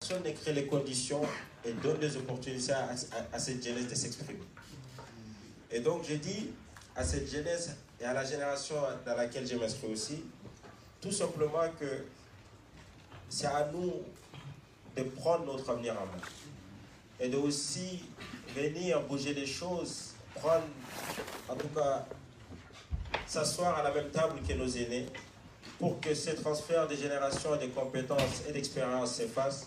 personne ne crée les conditions et donne des opportunités à, cette jeunesse de s'exprimer. Et donc je dis à cette jeunesse et à la génération dans laquelle je m'inscris aussi, tout simplement que c'est à nous de prendre notre avenir en main. Et de aussi venir bouger les choses, prendre, en tout cas, s'asseoir à la même table que nos aînés pour que ce transfert des générations de compétences et d'expérience se fasse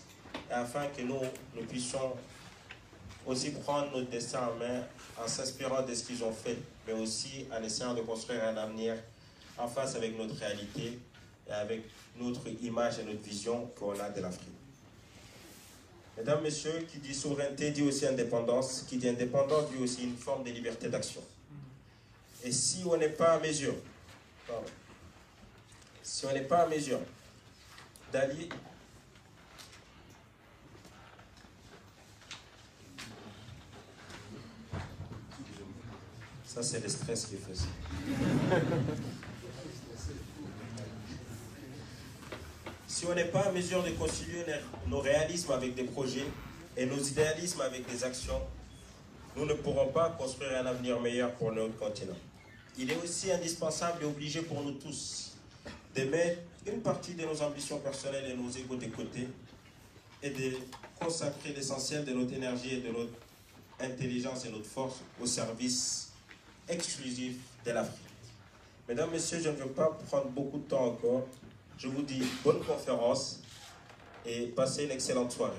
afin que nous, nous puissions aussi prendre notre destin en main en s'inspirant de ce qu'ils ont fait, mais aussi en essayant de construire un avenir en face avec notre réalité et avec notre image et notre vision qu'on a de l'Afrique. Mesdames, Messieurs, qui dit souveraineté dit aussi indépendance, qui dit indépendance dit aussi une forme de liberté d'action. Et si on n'est pas à mesure, si on n'est pas à mesure d'aller Ça, c'est le stress qui fait si on n'est pas en mesure de concilier nos réalismes avec des projets et nos idéalismes avec des actions, nous ne pourrons pas construire un avenir meilleur pour notre continent. Il est aussi indispensable et obligé pour nous tous de mettre une partie de nos ambitions personnelles et nos égaux de côté et de consacrer l'essentiel de notre énergie et de notre intelligence et notre force au service exclusif de l'Afrique. Mesdames, Messieurs, je ne veux pas prendre beaucoup de temps encore. Je vous dis bonne conférence et passez une excellente soirée.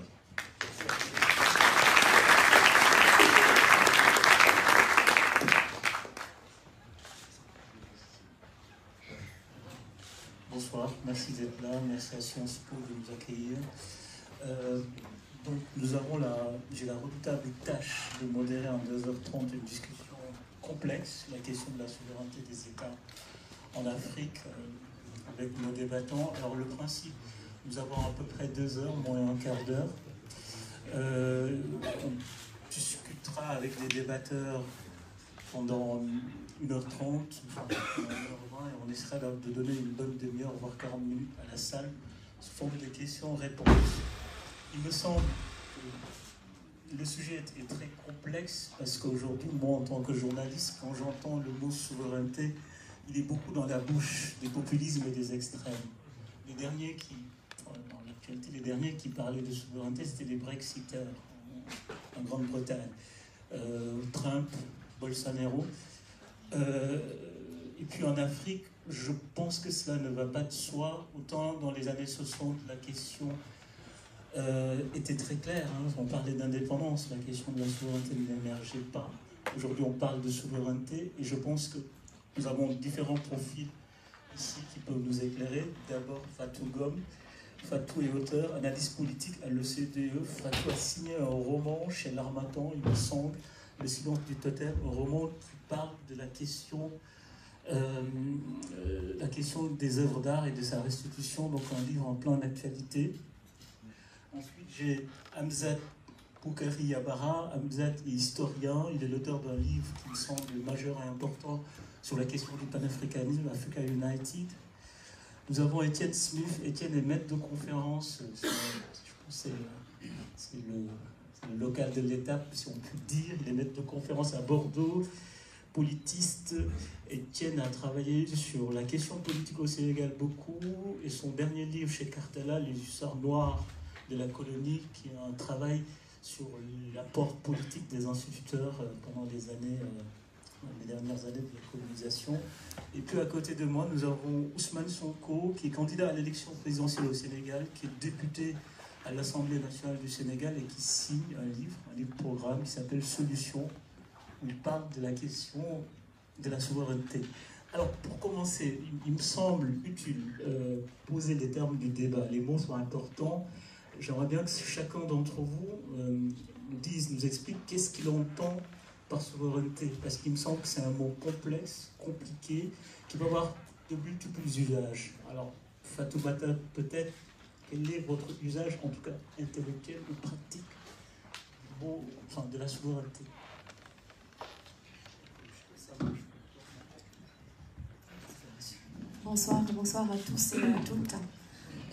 Bonsoir, merci d'être là, merci à Sciences Po de nous accueillir. Euh, donc nous avons la, j'ai la redoutable tâche de modérer en 2h30 une discussion complexe, la question de la souveraineté des États en Afrique euh, avec nos débattants. Alors le principe, nous avons à peu près deux heures, moins un quart d'heure. Euh, on discutera avec des débatteurs pendant 1h30, 1h20, et on essaiera de donner une bonne demi-heure, voire 40 minutes à la salle, sous forme de questions-réponses. Il me semble le sujet est, très complexe parce qu'aujourd'hui, moi, en tant que journaliste, quand j'entends le mot souveraineté, il est beaucoup dans la bouche des populismes et des extrêmes. Les derniers qui, dans l'actualité, les derniers qui parlaient de souveraineté, c'était les Brexiteurs en, Grande-Bretagne. Euh, Trump, Bolsonaro. Euh, et puis en Afrique, je pense que cela ne va pas de soi. Autant dans les années 60, la question euh, était très clair. Hein. On parlait d'indépendance, la question de la souveraineté n'émergeait pas. Aujourd'hui, on parle de souveraineté et je pense que nous avons différents profils ici qui peuvent nous éclairer. D'abord, Fatou Gom. Fatou est auteur, analyse politique à l'OCDE. Fatou a signé un roman chez L'Armatan, il me semble, Le silence du totem, un roman qui parle de la question euh, euh, la question des œuvres d'art et de sa restitution, donc un livre en plein actualité. Ensuite, j'ai Hamzat Poukari Yabara. Hamzat est historien, il est l'auteur d'un livre qui me semble majeur et important sur la question du panafricanisme, Africa United. Nous avons Étienne Smith. Étienne est maître de conférence, euh, je pense que c'est le, local de l'étape, si on peut dire. Il est maître de conférence à Bordeaux, politiste. Étienne a travaillé sur la question politique au Sénégal beaucoup et son dernier livre chez Cartella, Les hussards noirs de la colonie, qui a un travail sur l'apport politique des instituteurs euh, pendant les années, euh, les dernières années de la colonisation. Et puis à côté de moi, nous avons Ousmane Sonko, qui est candidat à l'élection présidentielle au Sénégal, qui est député à l'Assemblée nationale du Sénégal et qui signe un livre, un livre-programme qui s'appelle Solutions, où il parle de la question de la souveraineté. Alors, pour commencer, il me semble utile euh, poser les termes du débat. Les mots sont importants J'aimerais bien que chacun d'entre vous euh, nous dise, nous explique qu'est-ce qu'il entend par souveraineté, parce qu'il me semble que c'est un mot complexe, compliqué, qui va avoir de multiples usages. Alors, Fatoumata, peut-être, quel est votre usage, en tout cas intellectuel ou pratique, de la souveraineté Bonsoir, bonsoir à tous et à toutes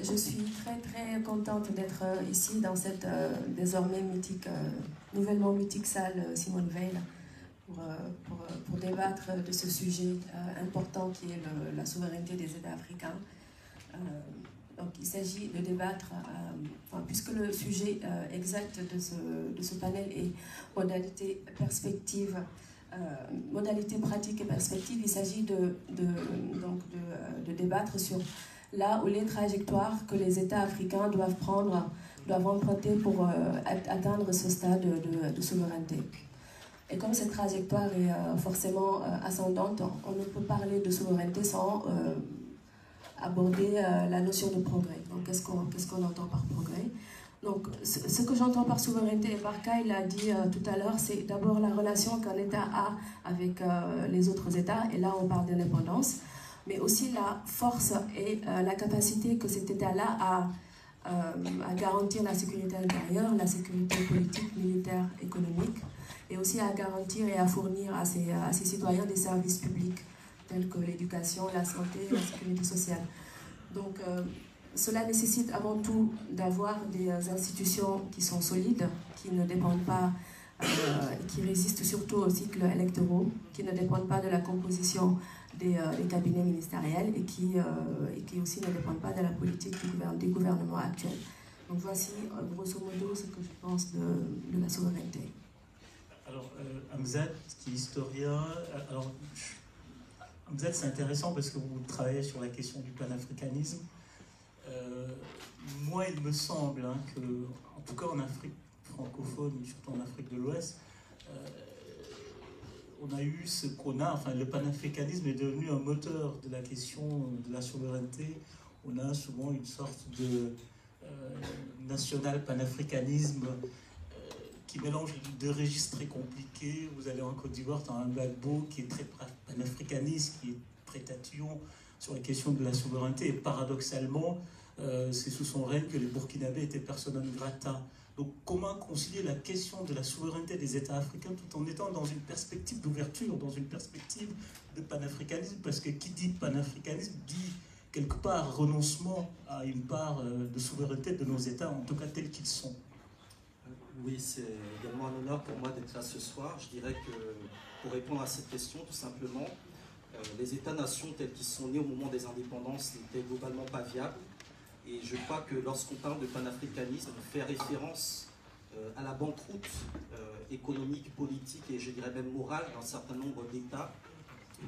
je suis très très contente d'être euh, ici dans cette euh, désormais mythique, euh, nouvellement mythique salle Simone Veil pour, pour, débattre de ce sujet important qui est la souveraineté des États africains. donc il s'agit de débattre, puisque le sujet exact de ce, de ce panel est modalité perspective. modalité pratique et perspective, il s'agit de, de, donc de, de, débattre sur là où les trajectoires que les États africains doivent prendre, doivent emprunter pour euh, atteindre ce stade de, souveraineté. Et comme cette trajectoire est euh, forcément euh, ascendante, on ne peut parler de souveraineté sans aborder la notion de progrès. Donc, qu'est-ce qu'on entend par progrès Donc, ce, que j'entends par souveraineté, et Barca l'a dit tout à l'heure, c'est d'abord la relation qu'un État a avec les autres États, et là, on parle d'indépendance mais aussi la force et euh, la capacité que cet État-là a euh, à garantir la sécurité intérieure, la sécurité politique, militaire, économique, et aussi à garantir et à fournir à ses, à ses citoyens des services publics tels que l'éducation, la santé, la sécurité sociale. Donc euh, cela nécessite avant tout d'avoir des institutions qui sont solides, qui ne dépendent pas euh, qui résistent surtout aux cycles électoraux, qui ne dépendent pas de la composition des, euh, cabinets ministériels et qui, euh, et qui aussi ne dépendent pas de la politique du, gouvernement, des gouvernements actuels. Donc voici grosso modo ce que je pense de, la souveraineté. Alors, Hamzat, qui est historien, alors, Hamzat, c'est intéressant parce que vous travaillez sur la question du panafricanisme. Euh, moi, il me semble hein, que, en tout cas en Afrique, francophone, surtout en Afrique de l'Ouest, euh, on a eu ce qu'on a, enfin le panafricanisme est devenu un moteur de la question de la souveraineté. On a souvent une sorte de euh, national panafricanisme euh, qui mélange deux registres très compliqués. Vous allez en Côte d'Ivoire, un Gbagbo qui est très panafricaniste, qui est très sur la question de la souveraineté. Et paradoxalement, c'est sous son règne que les Burkinabés étaient persona gratins grata comment concilier la question de la souveraineté des États africains tout en étant dans une perspective d'ouverture, dans une perspective de panafricanisme Parce que qui dit panafricanisme dit quelque part renoncement à une part euh, de souveraineté de nos États, en tout cas tels qu'ils sont. Euh, oui, c'est également un honneur pour moi d'être là ce soir. Je dirais que pour répondre à cette question, tout simplement, euh, les États-nations tels qu'ils sont nés au moment des indépendances n'étaient globalement pas viables. Et je crois que lorsqu'on parle de panafricanisme, on fait référence euh, à la banqueroute euh, économique, politique et je dirais même morale d'un certain nombre d'États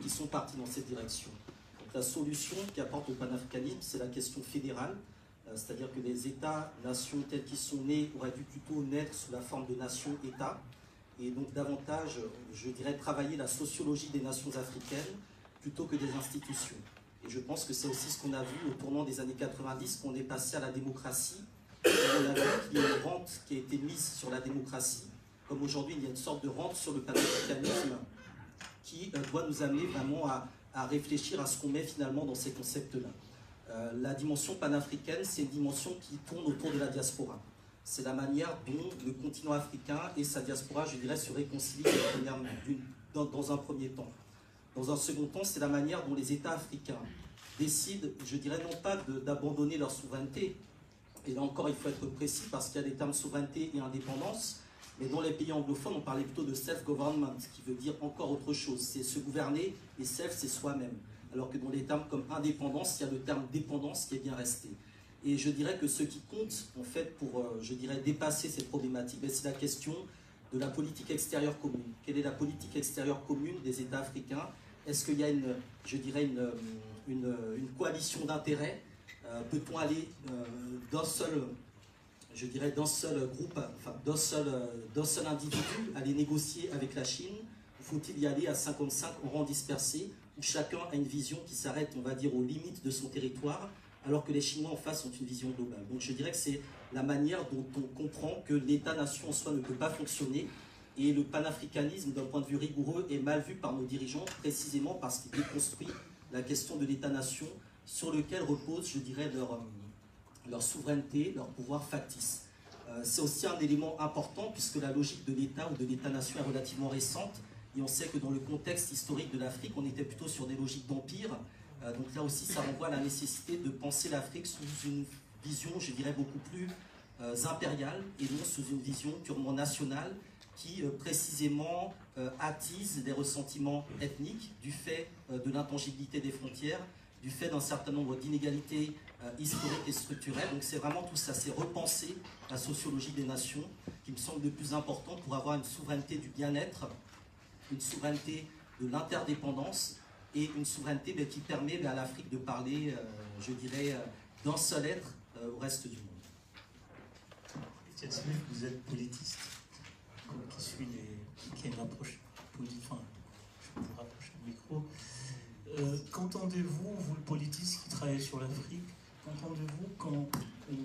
qui sont partis dans cette direction. la solution qu'apporte le panafricanisme, c'est la question fédérale, euh, c'est-à-dire que les États-nations telles qu'ils sont nés auraient dû plutôt naître sous la forme de nations-États et donc davantage, je dirais, travailler la sociologie des nations africaines plutôt que des institutions. Et je pense que c'est aussi ce qu'on a vu au tournant des années 90, qu'on est passé à la démocratie. on a vu qu'il y a une rente qui a été mise sur la démocratie, comme aujourd'hui il y a une sorte de rente sur le panafricanisme qui euh, doit nous amener vraiment à, réfléchir à ce qu'on met finalement dans ces concepts-là. Euh, la dimension panafricaine, c'est une dimension qui tourne autour de la diaspora. C'est la manière dont le continent africain et sa diaspora, je dirais, se réconcilient dans, dans un premier temps. Dans un second temps, c'est la manière dont les États africains, décident, je dirais non pas d'abandonner leur souveraineté, et là encore il faut être précis parce qu'il y a des termes souveraineté et indépendance, mais dans les pays anglophones on parlait plutôt de self-government, qui veut dire encore autre chose, c'est se gouverner, et self c'est soi-même. Alors que dans les termes comme indépendance, il y a le terme dépendance qui est bien resté. Et je dirais que ce qui compte, en fait, pour, euh, je dirais, dépasser cette problématique, ben, c'est la question de la politique extérieure commune. Quelle est la politique extérieure commune des États africains Est-ce qu'il y a une, je dirais, une, euh, une, coalition d'intérêts euh, Peut-on aller euh, d'un seul, je dirais, d'un seul groupe, d'un seul, seul individu, aller négocier avec la Chine Faut-il y aller à 55 en dispersés dispersé, où chacun a une vision qui s'arrête, on va dire, aux limites de son territoire, alors que les Chinois en face ont une vision globale Donc je dirais que c'est la manière dont on comprend que l'État-nation en soi ne peut pas fonctionner, et le panafricanisme, d'un point de vue rigoureux, est mal vu par nos dirigeants, précisément parce qu'il est déconstruit la question de l'État-nation, sur lequel repose, je dirais, leur, euh, leur souveraineté, leur pouvoir factice. Euh, c'est aussi un élément important puisque la logique de l'État ou de l'État-nation est relativement récente et on sait que dans le contexte historique de l'Afrique, on était plutôt sur des logiques d'empire. Euh, donc là aussi, ça renvoie à la nécessité de penser l'Afrique sous une vision, je dirais, beaucoup plus impériale et non sous une vision purement nationale qui euh, précisément euh, attise des ressentiments ethniques du fait euh, de l'intangibilité des frontières, du fait d'un certain nombre d'inégalités historiques et structurelles. Donc c'est vraiment tout ça, c'est repenser la sociologie des nations qui me semble le plus important pour avoir une souveraineté du bien-être, une souveraineté de l'interdépendance et une souveraineté ben, qui permet ben, à l'Afrique de parler, je dirais, d'un seul être au reste du monde. Vous êtes politiste qui suit les, qui une politique, enfin, je vais vous rapprocher le micro. Euh, qu'entendez-vous, vous le politiste qui travaille sur l'Afrique, qu'entendez-vous quand on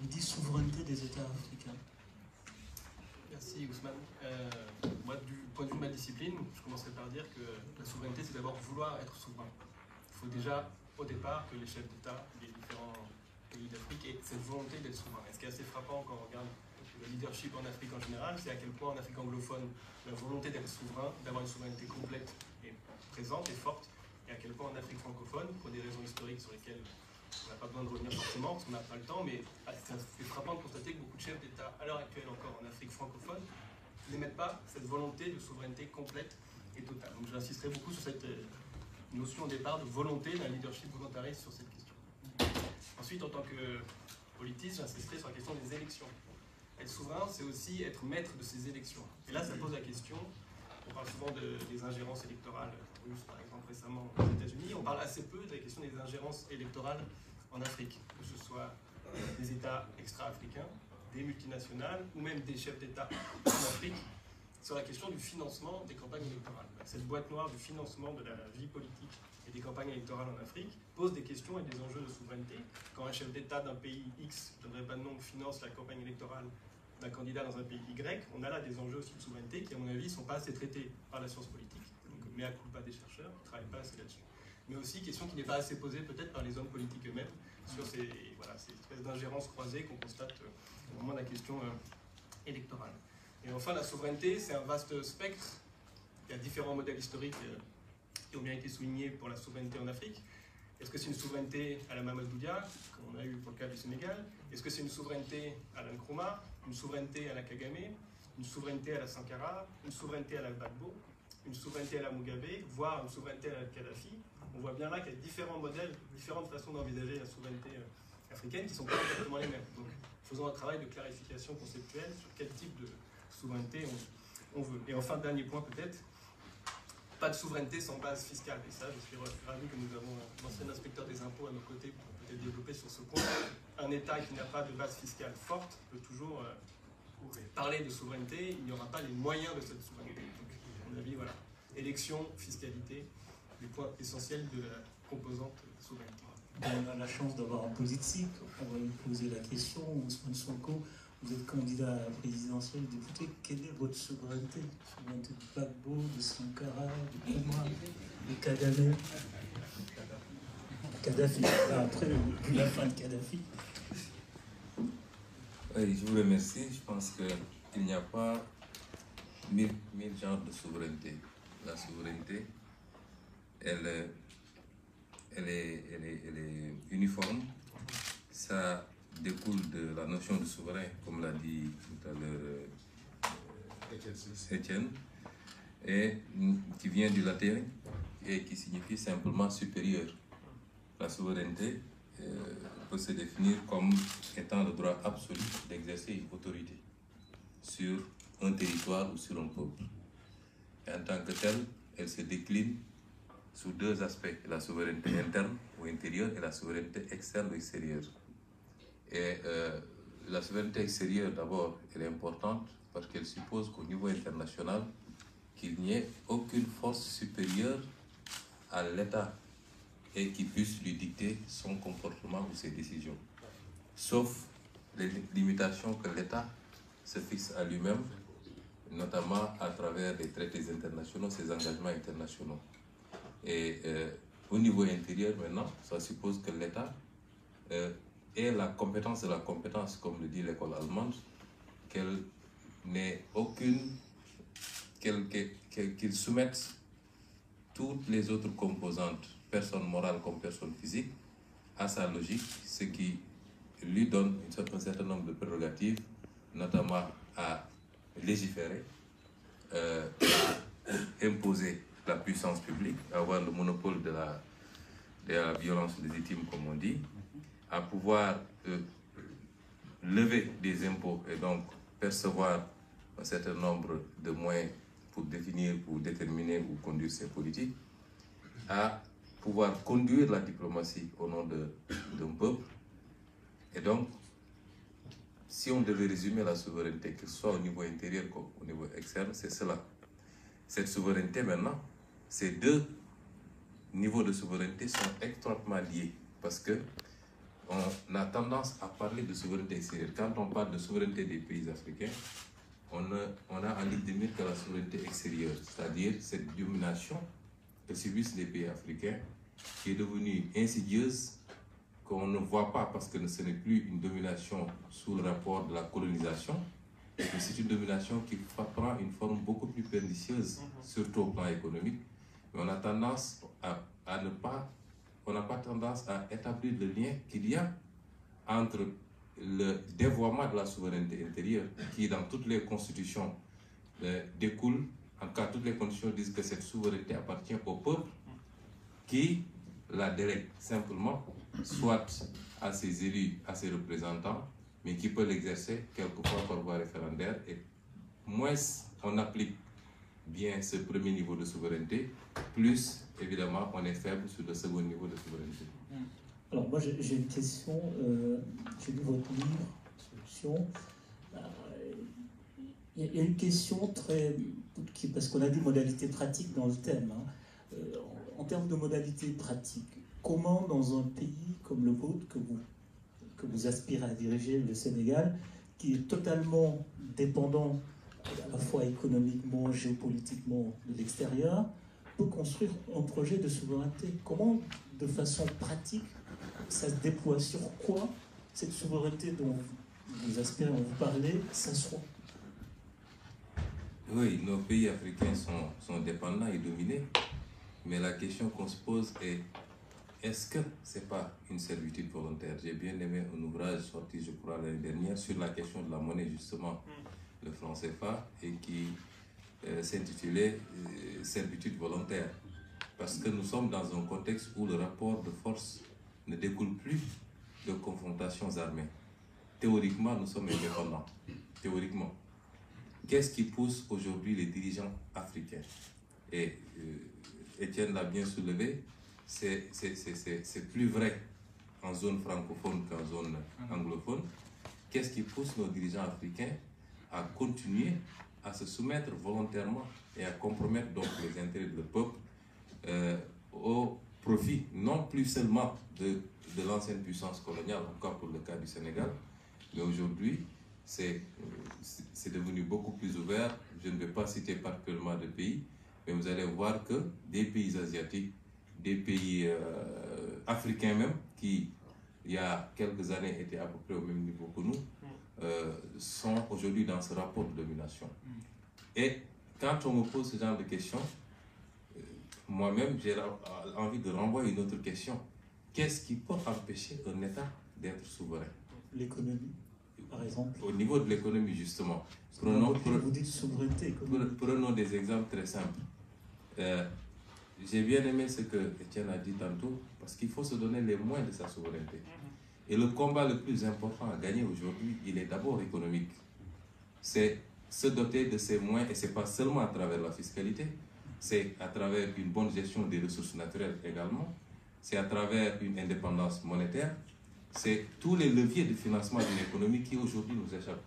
dit souveraineté des États africains Merci Ousmane. Euh, moi, du point de vue de ma discipline, je commencerai par dire que la souveraineté, c'est d'abord vouloir être souverain. Il faut déjà, au départ, que les chefs d'État des différents pays d'Afrique aient cette volonté d'être souverain. Et ce qui est assez frappant quand on regarde le leadership en Afrique en général, c'est à quel point en Afrique anglophone, la volonté d'être souverain, d'avoir une souveraineté complète et présente et forte, et à quel point en Afrique francophone, pour des raisons historiques sur lesquelles on n'a pas besoin de revenir forcément, parce qu'on n'a pas le temps, mais ah, c'est frappant de constater que beaucoup de chefs d'État, à l'heure actuelle encore en Afrique francophone, n'émettent pas cette volonté de souveraineté complète et totale. Donc j'insisterai beaucoup sur cette euh, notion au départ de volonté d'un leadership volontariste sur cette question. Ensuite, en tant que euh, politiste, j'insisterai sur la question des élections. Être souverain, c'est aussi être maître de ses élections. Et là, ça pose la question. On parle souvent des ingérences électorales russes, par exemple, récemment aux États-Unis. On parle assez peu de la question des ingérences électorales en Afrique, que ce soit des États extra-africains, des multinationales ou même des chefs d'État en Afrique sur la question du financement des campagnes électorales. Cette boîte noire du financement de la vie politique et des campagnes électorales en Afrique pose des questions et des enjeux de souveraineté. Quand un chef d'État d'un pays X, je ne donnerai pas de nom, finance la campagne électorale d'un candidat dans un pays Y, on a là des enjeux aussi de souveraineté qui, à mon avis, ne sont pas assez traités par la science politique. Donc, coup culpa des chercheurs qui ne travaillent pas assez là-dessus. Mais aussi, question qui n'est pas assez posée peut-être par les hommes politiques eux-mêmes sur ces, espèces d'ingérences croisées qu'on constate euh, au moment de la question euh, électorale. Et enfin, la souveraineté, c'est un vaste spectre. Il y a différents modèles historiques euh, qui ont bien été soulignés pour la souveraineté en Afrique. Est-ce que c'est une souveraineté à la Mamadou Dia, comme on a eu pour le cas du Sénégal Est-ce que c'est une souveraineté à la Une souveraineté à la Kagame Une souveraineté à la Sankara Une souveraineté à la Gbagbo Une souveraineté à la Mugabe Voire une souveraineté à la Kadhafi On voit bien là qu'il y a différents modèles, différentes façons d'envisager la souveraineté euh, africaine qui sont pas complètement les mêmes. Donc faisons un travail de clarification conceptuelle sur quel type de souveraineté on veut. Et enfin, dernier point peut-être, pas de souveraineté sans base fiscale. Et ça, je suis ravi que nous avons l'ancien inspecteur des impôts à nos côtés pour peut-être développer sur ce point. Un État qui n'a pas de base fiscale forte peut toujours euh, parler de souveraineté, il n'y aura pas les moyens de cette souveraineté. Donc, à mon avis, voilà, élection, fiscalité, les points essentiels de la composante souveraineté. On a la chance d'avoir un positif, on va lui poser la question, Ousmane Sonko. Vous êtes candidat à la présidentielle, député. Quelle est votre souveraineté Souveraineté de Gbagbo, de Sankara, de Kouma, de Kadhafi. Kadhafi, ah, après la fin de Kadhafi. Oui, je vous remercie. Je pense qu'il n'y a pas mille, mille genres de souveraineté. La souveraineté, elle, elle, est, elle, elle est uniforme. Ça découle de la notion de souverain, comme l'a dit tout à l'heure euh, Étienne, et qui vient du latin et qui signifie simplement supérieur. La souveraineté euh, peut se définir comme étant le droit absolu d'exercer une autorité sur un territoire ou sur un peuple. en tant que tel, elle se décline sous deux aspects, la souveraineté interne ou intérieure et la souveraineté externe ou extérieure. Et euh, la souveraineté extérieure, d'abord, elle est importante parce qu'elle suppose qu'au niveau international, qu'il n'y ait aucune force supérieure à l'État et qui puisse lui dicter son comportement ou ses décisions. Sauf les limitations que l'État se fixe à lui-même, notamment à travers les traités internationaux, ses engagements internationaux. Et euh, au niveau intérieur, maintenant, ça suppose que l'État euh, et la compétence de la compétence, comme le dit l'école allemande, qu'elle n'ait aucune, qu'elle soumette toutes les autres composantes, personne morale comme personne physique, à sa logique, ce qui lui donne un certain nombre de prérogatives, notamment à légiférer, euh, à imposer la puissance publique, avoir le monopole de la, de la violence légitime, comme on dit, à pouvoir euh, lever des impôts et donc percevoir un certain nombre de moyens pour définir, pour déterminer ou conduire ses politiques, à pouvoir conduire la diplomatie au nom d'un peuple. Et donc, si on devait résumer la souveraineté, que soit au niveau intérieur qu'au niveau externe, c'est cela. Cette souveraineté maintenant, ces deux niveaux de souveraineté sont étroitement liés parce que on a tendance à parler de souveraineté extérieure. Quand on parle de souveraineté des pays africains, on a, on a de la souveraineté extérieure, c'est-à-dire cette domination de service des pays africains, qui est devenue insidieuse, qu'on ne voit pas parce que ce n'est plus une domination sous le rapport de la colonisation, mais c'est une domination qui prend une forme beaucoup plus pernicieuse, mhm. surtout au plan économique. Mais on a tendance à ne pas on n'a pas tendance à établir le lien qu'il y a entre le dévoiement de la souveraineté intérieure, qui dans toutes les constitutions euh, découle, en cas toutes les constitutions disent que cette souveraineté appartient au peuple, qui la délègue simplement, soit à ses élus, à ses représentants, mais qui peut l'exercer quelquefois par voie référendaire. Et moins on applique bien ce premier niveau de souveraineté, plus évidemment on est faible sur le second niveau de souveraineté. Hmm. Alors moi j'ai une question, euh, j'ai lu votre livre, Solution. Euh, il y, a une question très... Parce qu'on a dit modalité pratique dans le thème. Hein. Euh, en, termes de modalité pratique, comment dans un pays comme le vôtre, que vous, que vous aspirez à diriger, le Sénégal, qui est totalement dépendant à la fois économiquement, géopolitiquement de l'extérieur, peut construire un projet de souveraineté. Comment, de façon pratique, ça se déploie Sur quoi cette souveraineté dont vous aspirez, à vous parler s'assoit Oui, nos pays africains sont, dépendants et dominés. Mais la question qu'on se pose est est-ce que ce n'est pas une servitude volontaire J'ai bien aimé un ouvrage sorti, je crois, l'année dernière sur la question de la monnaie, justement. Mm le franc CFA, et qui euh, s'intitulait euh, Servitude volontaire. Parce que nous sommes dans un contexte où le rapport de force ne découle plus de confrontations armées. Théoriquement, nous sommes indépendants. Théoriquement. Qu'est-ce qui pousse aujourd'hui les dirigeants africains Et euh, Étienne l'a bien soulevé, c'est plus vrai en zone francophone qu'en zone anglophone. Qu'est-ce qui pousse nos dirigeants africains à continuer à se soumettre volontairement et à compromettre donc les intérêts du peuple euh, au profit non plus seulement de, de l'ancienne puissance coloniale, encore pour le cas du Sénégal, mais aujourd'hui c'est devenu beaucoup plus ouvert. Je ne vais pas citer particulièrement de pays, mais vous allez voir que des pays asiatiques, des pays euh, africains même, qui il y a quelques années étaient à peu près au même niveau que nous, euh, sont aujourd'hui dans ce rapport de domination. Mm. Et quand on me pose ce genre de questions, euh, moi-même, j'ai euh, envie de renvoyer une autre question. Qu'est-ce qui peut empêcher un État d'être souverain L'économie, par exemple. Au niveau de l'économie, justement. vous dites souveraineté économique. Prenons des exemples très simples. j'ai bien aimé ce que Étienne a dit tantôt, parce qu'il faut se donner les moyens de sa souveraineté. Et le combat le plus important à gagner aujourd'hui, il est d'abord économique. C'est se doter de ses moyens, et ce n'est pas seulement à travers la fiscalité, c'est à travers une bonne gestion des ressources naturelles également, c'est à travers une indépendance monétaire, c'est tous les leviers de financement d'une économie qui aujourd'hui nous échappent.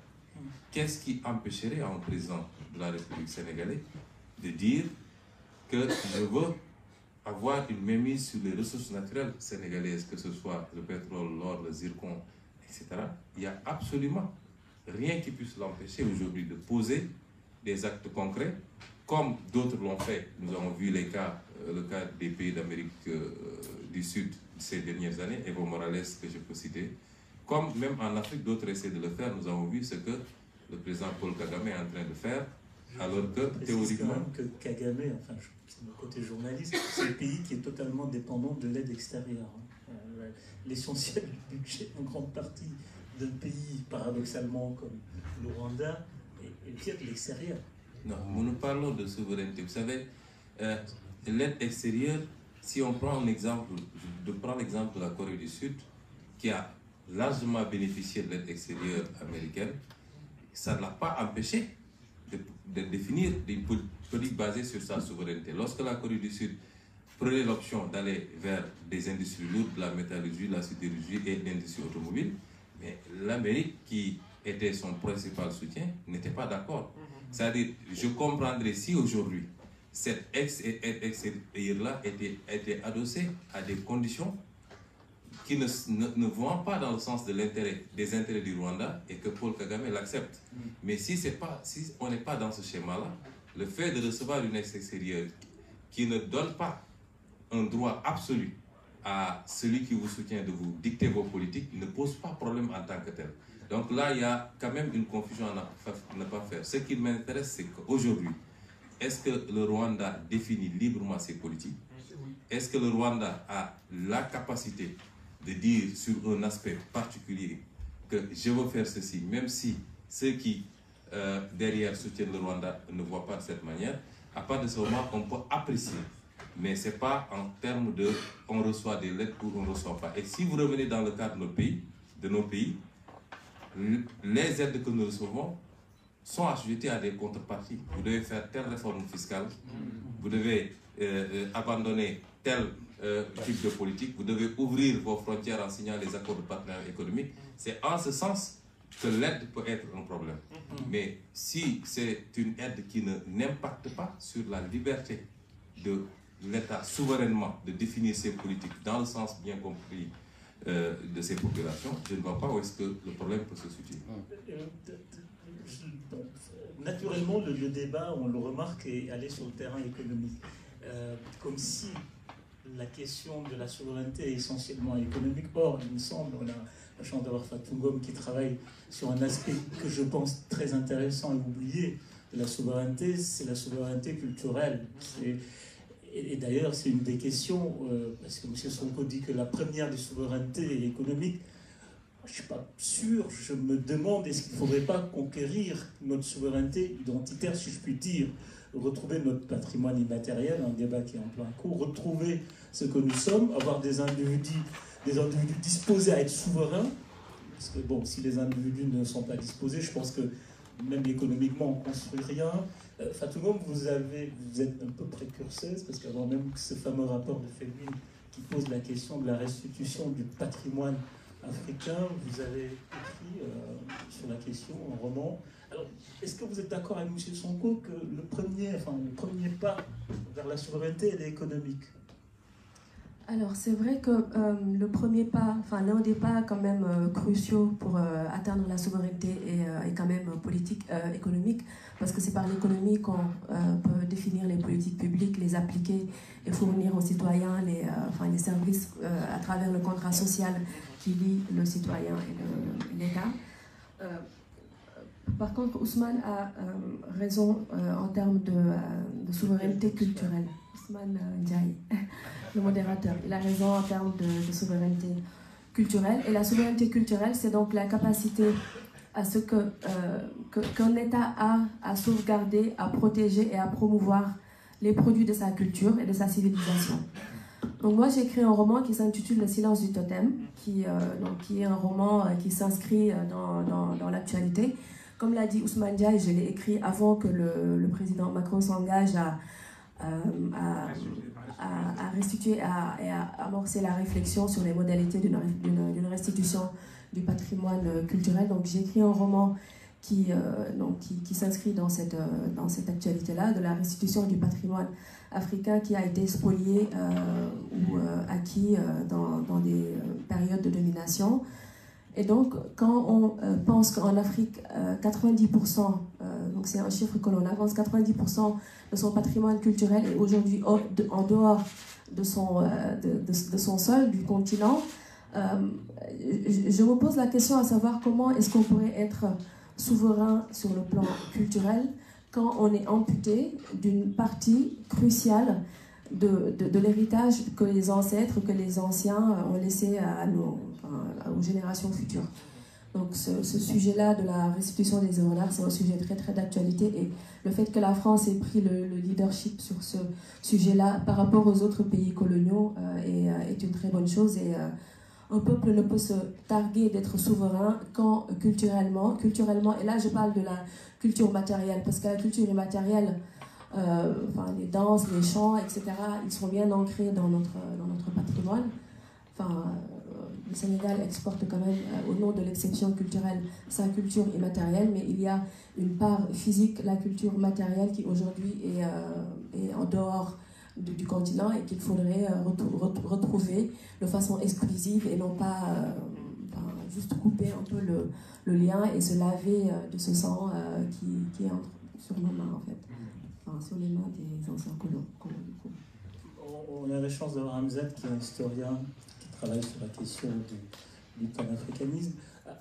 Qu'est-ce qui empêcherait à un président de la République sénégalaise de dire que je veux avoir une mémise sur les ressources naturelles sénégalaises, que ce soit le pétrole, l'or, le zircon, etc., il n'y a absolument rien qui puisse l'empêcher aujourd'hui de poser des actes concrets, comme d'autres l'ont fait. Nous avons vu les cas, euh, le cas des pays d'Amérique euh, du Sud ces dernières années, Evo Morales que je peux citer, comme même en Afrique, d'autres essaient de le faire. Nous avons vu ce que le président Paul Kagame est en train de faire alors que je théoriquement. même que Kagame, enfin, c'est mon côté journaliste, c'est le pays qui est totalement dépendant de l'aide extérieure. Hein. Euh, l'essentiel du budget, en grande partie, d'un pays paradoxalement comme le Rwanda est, de l'extérieur. Non, nous, nous parlons de souveraineté. Vous savez, euh, l'aide extérieure, si on prend un exemple, de prendre l'exemple de la Corée du Sud, qui a largement bénéficié de l'aide extérieure américaine, ça ne l'a pas empêché de définir des politiques basées sur sa souveraineté. Lorsque la Corée du Sud prenait l'option d'aller vers des industries lourdes, la métallurgie, la sidérurgie et l'industrie automobile, mais l'Amérique, qui était son principal soutien, n'était pas d'accord. C'est-à-dire, je comprendrais si aujourd'hui, cette ex pays là était, était adossée à des conditions qui ne, ne, vont pas dans le sens de l'intérêt, des intérêts du Rwanda et que Paul Kagame l'accepte. Mm. Mais si, pas, si on n'est pas dans ce schéma-là, le fait de recevoir une aide extérieure qui ne donne pas un droit absolu à celui qui vous soutient de vous dicter vos politiques ne pose pas problème en tant que tel. Donc là, il y a quand même une confusion à ne pas faire. Ce qui m'intéresse, c'est qu'aujourd'hui, est-ce que le Rwanda définit librement ses politiques Est-ce que le Rwanda a la capacité de dire sur un aspect particulier que je veux faire ceci, même si ceux qui euh, derrière soutiennent le Rwanda ne voient pas de cette manière, à part de ce moment, on peut apprécier. Mais ce n'est pas en termes de on reçoit des lettres ou on ne reçoit pas. Et si vous revenez dans le cadre de nos pays, de nos pays les aides que nous recevons sont assujetties à des contreparties. Vous devez faire telle réforme fiscale, vous devez euh, euh, abandonner telle euh, type de politique. Vous devez ouvrir vos frontières en signant les accords de partenariat économique. C'est en ce sens que l'aide peut être un problème. Mm-hmm. Mais si c'est une aide qui n'impacte pas sur la liberté de l'État souverainement de définir ses politiques dans le sens bien compris euh, de ses populations, je ne vois pas où est-ce que le problème peut se situer. Mm. Naturellement, le, débat, on le remarque, est allé sur le terrain économique. Euh, comme si la question de la souveraineté est essentiellement économique. Or, il me semble, on a la chance d'avoir Fatungom qui travaille sur un aspect que je pense très intéressant et oublié de la souveraineté, c'est la souveraineté culturelle. Et, d'ailleurs, c'est une des questions, euh, parce que M. Sonko dit que la première des souverainetés est économique. Je ne suis pas sûr, je me demande est-ce qu'il ne faudrait pas conquérir notre souveraineté identitaire, si je puis dire, retrouver notre patrimoine immatériel, un débat qui est en plein cours, retrouver ce que nous sommes, avoir des individus, des individus disposés à être souverains, parce que bon, si les individus ne sont pas disposés, je pense que même économiquement, on ne construit rien. Euh, vous, vous êtes un peu précurseuse, parce qu'avant même ce fameux rapport de Fémin qui pose la question de la restitution du patrimoine africain, vous avez écrit euh, sur la question un roman euh, est-ce que vous êtes d'accord avec M. Sonko que le premier, le premier pas vers la souveraineté, est économique alors c'est vrai que euh, le premier pas, enfin l'un des pas quand même euh, cruciaux pour atteindre la souveraineté est, quand même politique, économique, parce que c'est par l'économie qu'on peut définir les politiques publiques, les appliquer et fournir aux citoyens les, enfin, les services à travers le contrat social qui lie le citoyen et l'État. Par contre, Ousmane a euh, raison euh, en termes euh, de, souveraineté culturelle. Ousmane Ndiaye, le modérateur, il a raison en termes de, souveraineté culturelle. Et la souveraineté culturelle, c'est donc la capacité à ce que qu'un État a à sauvegarder, à protéger et à promouvoir les produits de sa culture et de sa civilisation. Donc moi j'ai écrit un roman qui s'intitule Le silence du totem, qui, donc, qui est un roman qui s'inscrit dans, dans, dans l'actualité comme l'a dit Ousmane Diaye, je l'ai écrit avant que le, président Macron s'engage à, euh, restituer et à amorcer la réflexion sur les modalités d'une restitution du patrimoine euh, culturel. Donc j'ai écrit un roman qui, euh, s'inscrit dans cette, actualité-là, de la restitution du patrimoine africain qui a été spolié ou acquis dans, des périodes de domination. Et donc, quand on euh, pense qu'en Afrique, 90%, euh, euh, donc c'est un chiffre que l'on avance, 90% de son patrimoine culturel est aujourd'hui en dehors de son, de, son sol, du continent, je me pose la question à savoir comment est-ce qu'on pourrait être souverain sur le plan culturel quand on est amputé d'une partie cruciale de, de l'héritage que les ancêtres, que les anciens ont laissé à nos aux euh, générations futures. Donc ce, sujet-là de la restitution des œuvres d'art, c'est un sujet très très d'actualité et le fait que la France ait pris le, leadership sur ce sujet-là par rapport aux autres pays coloniaux euh, euh, est, une très bonne chose et un peuple ne peut se targuer d'être souverain quand culturellement, culturellement, et là je parle de la culture matérielle parce que la culture immatérielle, enfin, les danses, les chants, etc., ils sont bien ancrés dans notre, dans notre patrimoine. Enfin, le Sénégal exporte quand même, euh, au nom de l'exception culturelle, sa culture immatérielle, mais il y a une part physique, la culture matérielle, qui aujourd'hui est, euh, en dehors du, continent et qu'il faudrait euh, retrouver de façon exclusive et non pas juste couper un peu le, lien et se laver de ce sang qui, est sur nos mains, en fait, enfin, sur les mains des anciens colons. On a la chance d'avoir Hamzat qui est historien sur la question du, du panafricanisme. Euh,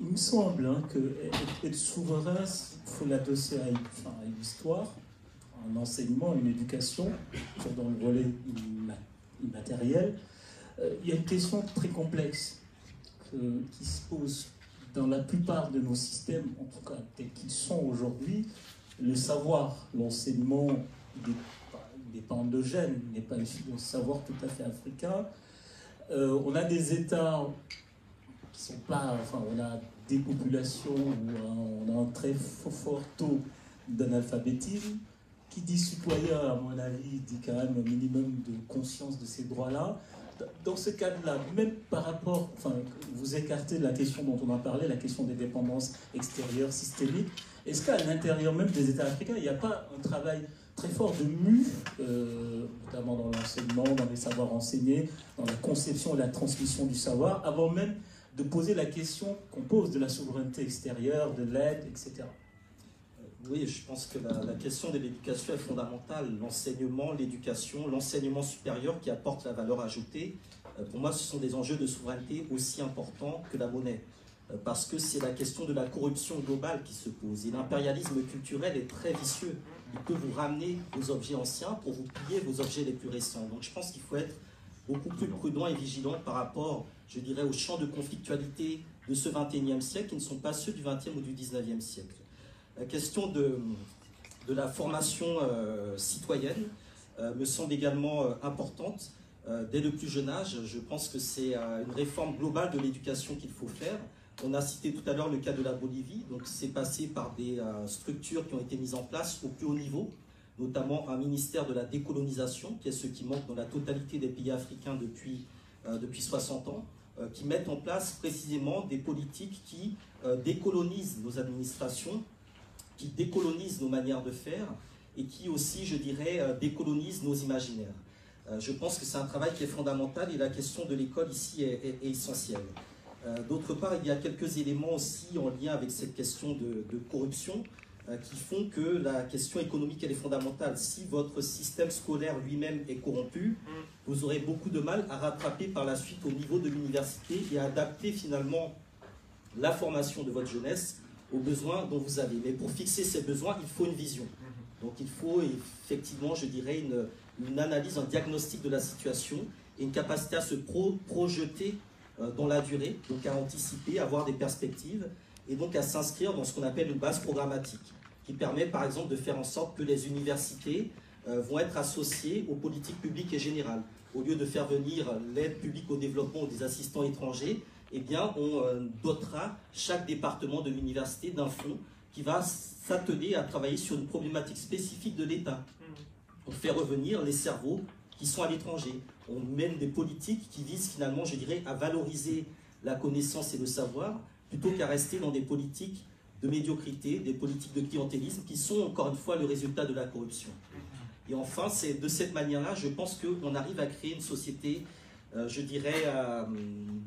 il me semble qu'être hein, que être, souverain, il faut l'adosser à, une histoire, un enseignement, une éducation, dans le volet immatériel. Euh, il y a une question très complexe qui se pose dans la plupart de nos systèmes, en tout cas tels qu'ils sont aujourd'hui. Le savoir, l'enseignement, n'est pas endogène, n'est pas un savoir tout à fait africain. Euh, on a des États qui sont pas, enfin, on a des populations où hein, on a un très fort taux d'analphabétisme. Qui dit citoyen, à mon avis, dit quand même un minimum de conscience de ces droits-là. Dans ce cadre-là, même par rapport, enfin, vous écartez de la question dont on a parlé, la question des dépendances extérieures systémiques. Est-ce qu'à l'intérieur même des États africains, il n'y a pas un travail très fort de mu, euh, notamment dans l'enseignement, dans les savoirs enseignés, dans la conception et la transmission du savoir, avant même de poser la question qu'on pose de la souveraineté extérieure, de l'aide, etc. Euh, oui, je pense que la, la question de l'éducation est fondamentale. L'enseignement, l'éducation, l'enseignement supérieur qui apporte la valeur ajoutée, euh, pour moi, ce sont des enjeux de souveraineté aussi importants que la monnaie parce que c'est la question de la corruption globale qui se pose. Et l'impérialisme culturel est très vicieux il peut vous ramener vos objets anciens pour vous plier vos objets les plus récents. Donc je pense qu'il faut être beaucoup plus prudent et vigilant par rapport, je dirais, aux champs de conflictualité de ce 21e siècle qui ne sont pas ceux du 20 ou du 19e siècle. La question de, la formation euh, citoyenne euh, me semble également euh, importante. dès le plus jeune âge, je pense que c'est une réforme globale de l'éducation qu'il faut faire. On a cité tout à l'heure le cas de la Bolivie, donc c'est passé par des euh, structures qui ont été mises en place au plus haut niveau, notamment un ministère de la décolonisation, qui est ce qui manque dans la totalité des pays africains depuis, 60 euh, ans, euh, qui mettent en place précisément des politiques qui décolonisent nos administrations, qui décolonisent nos manières de faire et qui aussi, je dirais, décolonisent nos imaginaires. je pense que c'est un travail qui est fondamental et la question de l'école ici est essentielle. Euh, d'autre part, il y a quelques éléments aussi en lien avec cette question de, corruption euh, qui font que la question économique, elle est fondamentale. Si votre système scolaire lui-même est corrompu, vous aurez beaucoup de mal à rattraper par la suite au niveau de l'université et à adapter finalement la formation de votre jeunesse aux besoins dont vous avez. Mais pour fixer ces besoins, il faut une vision. Donc il faut effectivement, je dirais, une, analyse, un diagnostic de la situation et une capacité à se projeter euh, dans la durée, donc à anticiper, avoir des perspectives, et donc à s'inscrire dans ce qu'on appelle une base programmatique, qui permet par exemple de faire en sorte que les universités euh, vont être associées aux politiques publiques et générales. Au lieu de faire venir l'aide publique au développement des assistants étrangers, eh bien, on euh, dotera chaque département de l'université d'un fonds qui va s'atteler à travailler sur une problématique spécifique de l'État. Mmh. pour faire revenir les cerveaux qui sont à l'étranger on mène des politiques qui visent finalement, je dirais, à valoriser la connaissance et le savoir, plutôt qu'à rester dans des politiques de médiocrité, des politiques de clientélisme, qui sont encore une fois le résultat de la corruption. Et enfin, c'est de cette manière-là, je pense qu'on arrive à créer une société, euh, je dirais, euh,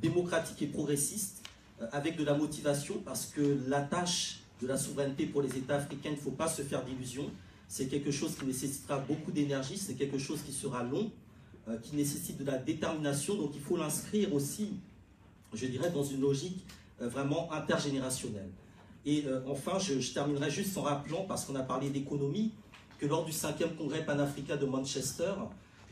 démocratique et progressiste, euh, avec de la motivation, parce que la tâche de la souveraineté pour les États africains, il ne faut pas se faire d'illusions. C'est quelque chose qui nécessitera beaucoup d'énergie, c'est quelque chose qui sera long, euh, qui nécessite de la détermination, donc il faut l'inscrire aussi, je dirais, dans une logique euh, vraiment intergénérationnelle. Et euh, enfin, je, terminerai juste en rappelant, parce qu'on a parlé d'économie, que lors du 5e congrès panafricain de Manchester,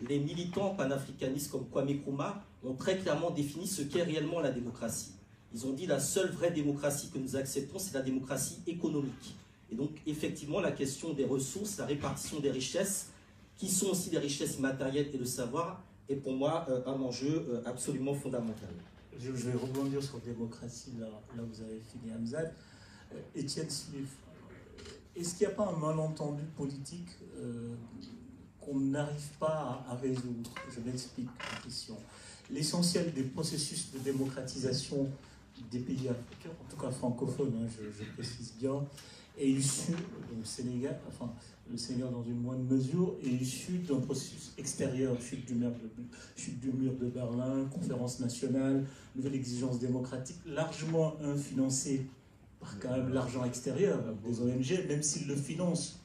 les militants panafricanistes comme Kwame Nkrumah ont très clairement défini ce qu'est réellement la démocratie. Ils ont dit la seule vraie démocratie que nous acceptons, c'est la démocratie économique. Et donc, effectivement, la question des ressources, la répartition des richesses qui sont aussi des richesses matérielles et le savoir, est pour moi euh, un enjeu euh, absolument fondamental. Je, vais rebondir sur démocratie, là, là vous avez fini Hamzat. Euh, Étienne Smith, est-ce qu'il n'y a pas un malentendu politique qu'on n'arrive pas à, résoudre Je m'explique la question. L'essentiel des processus de démocratisation des pays africains, en tout cas francophones, hein, je, je précise bien, est issu, le Sénégal, enfin, le Sénégal dans une moindre mesure, est issu d'un processus extérieur, chute du, mur de, du mur de Berlin, conférence nationale, nouvelle exigence démocratique, largement financé par quand même l'argent extérieur des ONG, même s'il le finance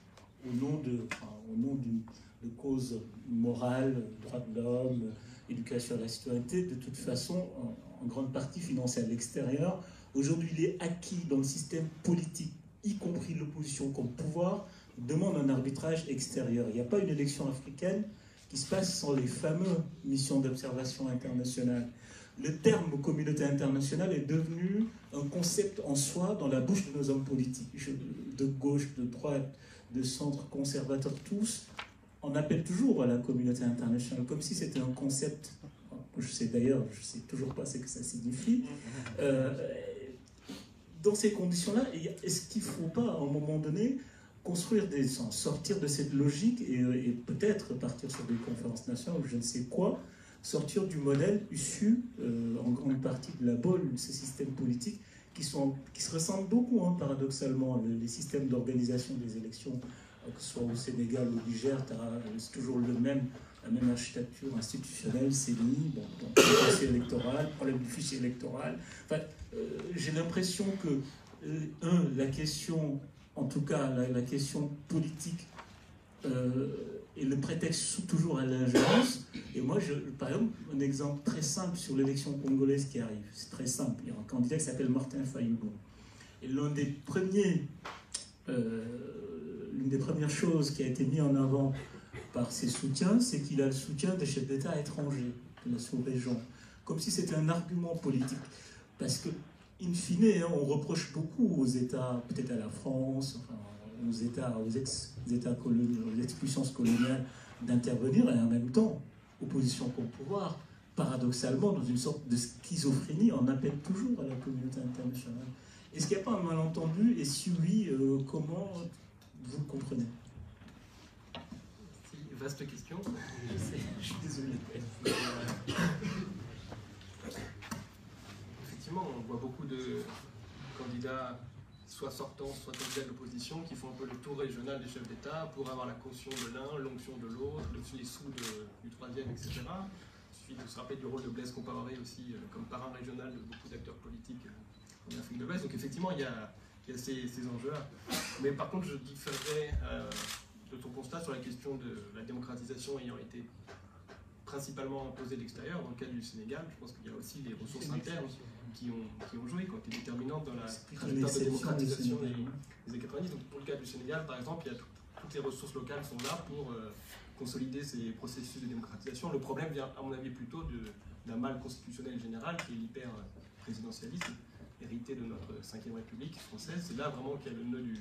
au nom de, enfin, au nom d'une cause morale, droits de l'homme, éducation à la citoyenneté, de toute façon, en, grande partie financé à l'extérieur. Aujourd'hui, il est acquis dans le système politique y compris l'opposition comme pouvoir, demande un arbitrage extérieur. Il n'y a pas une élection africaine qui se passe sans les fameuses missions d'observation internationale. Le terme communauté internationale est devenu un concept en soi dans la bouche de nos hommes politiques, de gauche, de droite, de centre, conservateurs, tous. On appelle toujours à la communauté internationale comme si c'était un concept. Je sais d'ailleurs, je ne sais toujours pas ce que ça signifie. Euh, dans ces conditions-là, est-ce qu'il ne faut pas, à un moment donné, construire des sortir de cette logique euh, et, peut-être partir sur des conférences nationales ou je ne sais quoi, sortir du modèle issu euh, en grande partie de la BOL, de ces systèmes politiques qui, sont, qui se ressemblent beaucoup, hein, paradoxalement, les systèmes d'organisation des élections, euh, que ce soit au Sénégal ou au Niger, c'est toujours le même la même architecture institutionnelle, c'est libre, donc le processus électoral, problème du fichier électoral. Oh, euh, j'ai l'impression que, euh, un, la question, en tout cas la, question politique, euh, est le prétexte toujours à l'ingérence. Et moi, je, par exemple, un exemple très simple sur l'élection congolaise qui arrive, c'est très simple. Il y a un candidat qui s'appelle Martin Fayoulou. Et l'un des premiers, euh, l'une des premières choses qui a été mise en avant par ses soutiens, c'est qu'il a le soutien des chefs d'État étrangers de la sous-région, comme si c'était un argument politique. Parce que, in fine, hein, on reproche beaucoup aux États, peut-être à la France, aux États, aux ex-États coloniaux, aux puissances coloniales, d'intervenir et en même temps, opposition au pouvoir, paradoxalement, dans une sorte de schizophrénie, on appelle toujours à la communauté internationale. Est-ce qu'il n'y a pas un malentendu Et si oui, euh, comment vous le comprenez vaste question. Je je suis désolé. Effectivement, on voit beaucoup de candidats, soit sortants, soit candidats de l'opposition, qui font un peu le tour régional des chefs d'État pour avoir la caution de l'un, l'onction de l'autre, les sous du troisième, etc. Il suffit de se rappeler du rôle de Blaise Compaoré aussi, euh, comme parrain régional de beaucoup d'acteurs politiques euh, en Afrique de l'Ouest. Donc effectivement, il y a, ces, enjeux-là. Mais par contre, je différerais... Euh, de ton constat sur la question de la démocratisation ayant été principalement imposée de l'extérieur, dans le cas du Sénégal, je pense qu'il y a aussi les ressources internes qui ont, ont joué, qui ont été déterminantes dans la trajectoire de démocratisation des, années 90. Donc pour le cas du Sénégal, par exemple, il y a toutes les ressources locales sont là pour euh, consolider ces processus de démocratisation. Le problème vient, à mon avis, plutôt d'un mal constitutionnel général qui est l'hyper-présidentialisme hérité de notre 5 République française. C'est là vraiment qu'il y a le nœud du,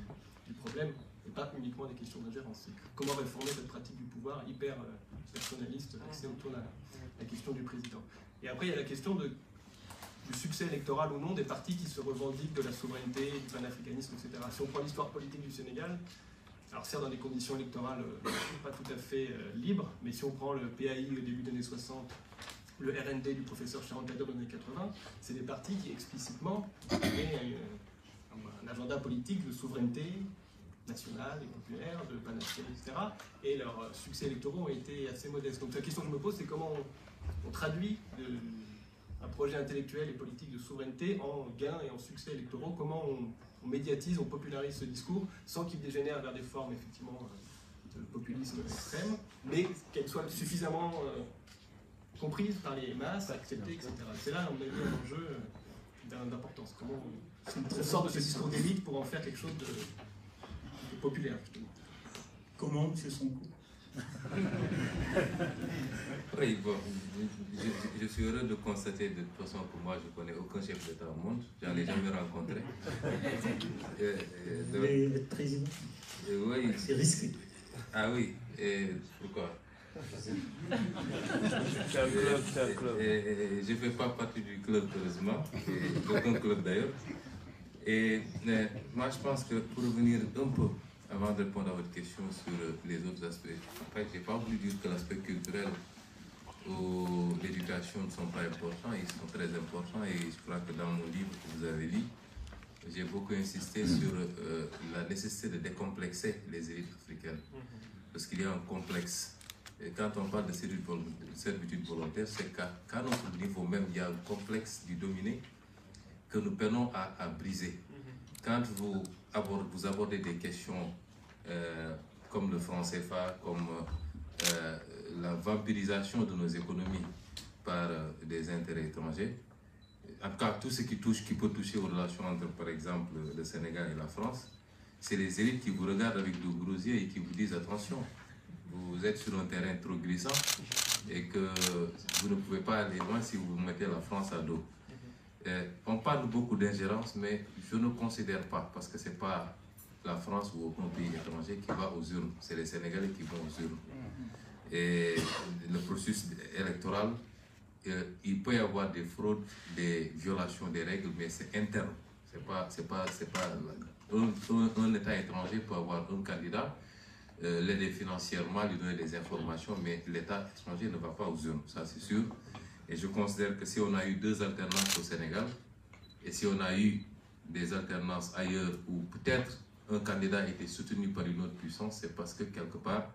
du problème et pas uniquement des questions d'ingérence. Comment réformer cette pratique du pouvoir hyper euh, personnaliste axée autour de la, question du président. Et après, il y a la question de, du succès électoral ou non des partis qui se revendiquent de la souveraineté, du panafricanisme, etc. Si on prend l'histoire politique du Sénégal, alors certes dans des conditions électorales euh, pas tout à fait euh, libres, mais si on prend le PAI au début des années 60, le RND du professeur Sharon Taylor dans les années 80, c'est des partis qui explicitement avaient un, un agenda politique de souveraineté, nationales et populaires, de pan etc. Et leurs succès électoraux ont été assez modestes. Donc la question que je me pose, c'est comment on, traduit un projet intellectuel et politique de souveraineté en gains et en succès électoraux Comment on, médiatise, on popularise ce discours sans qu'il dégénère vers des formes effectivement euh, de populisme extrême, mais qu'elle soit suffisamment euh, comprise par les masses, acceptée, etc. C'est là, on a un enjeu euh, d'importance. Comment on, sort de ce discours d'élite pour en faire quelque chose de populaire, justement. Comment, M. Sonko Oui, bon, je, je, suis heureux de constater, de toute façon, que moi, je ne connais aucun chef d'État au monde, je n'en ai jamais rencontré. Euh, euh être président euh, Oui. Ah, c'est risqué. Ah oui, et pourquoi club, club. je ne fais pas partie du club, heureusement, aucun club d'ailleurs. Et euh, moi, je pense que pour venir un peu avant de répondre à votre question sur euh, les autres aspects, en fait, je n'ai pas voulu dire que l'aspect culturel ou l'éducation ne sont pas importants, ils sont très importants et je crois que dans mon livre que vous avez lu, j'ai beaucoup insisté mm. sur euh, la nécessité de décomplexer les élites africaines. Mm-hmm. Parce qu'il y a un complexe. Et quand on parle de servitude volontaire, c'est qu'à notre niveau même, il y a un complexe du dominé que nous peinons à, à briser. Mm-hmm. Quand vous vous abordez des questions euh, comme le franc CFA, comme euh, euh, la vampirisation de nos économies par des intérêts étrangers, en tout cas tout ce qui touche, qui peut toucher aux relations entre par exemple le Sénégal et la France, c'est les élites qui vous regardent avec de gros yeux et qui vous disent attention, vous êtes sur un terrain trop glissant et que vous ne pouvez pas aller loin si vous mettez la France à dos. Euh, on parle beaucoup d'ingérence, mais je ne considère pas, parce que ce n'est pas la France ou aucun pays étranger qui va aux urnes, c'est les Sénégalais qui vont aux urnes. Mhm. Et le processus électoral, euh, il peut y avoir des fraudes, des violations des règles, mais c'est interne. C'est pas, c'est pas, Un, État étranger peut avoir un candidat, euh, l'aider financièrement, lui donner des informations, mais l'État étranger ne va pas aux urnes, ça c'est sûr. Et je considère que si on a eu deux alternances au Sénégal, et si on a eu des alternances ailleurs où peut-être un candidat était soutenu par une autre puissance, c'est parce que quelque part,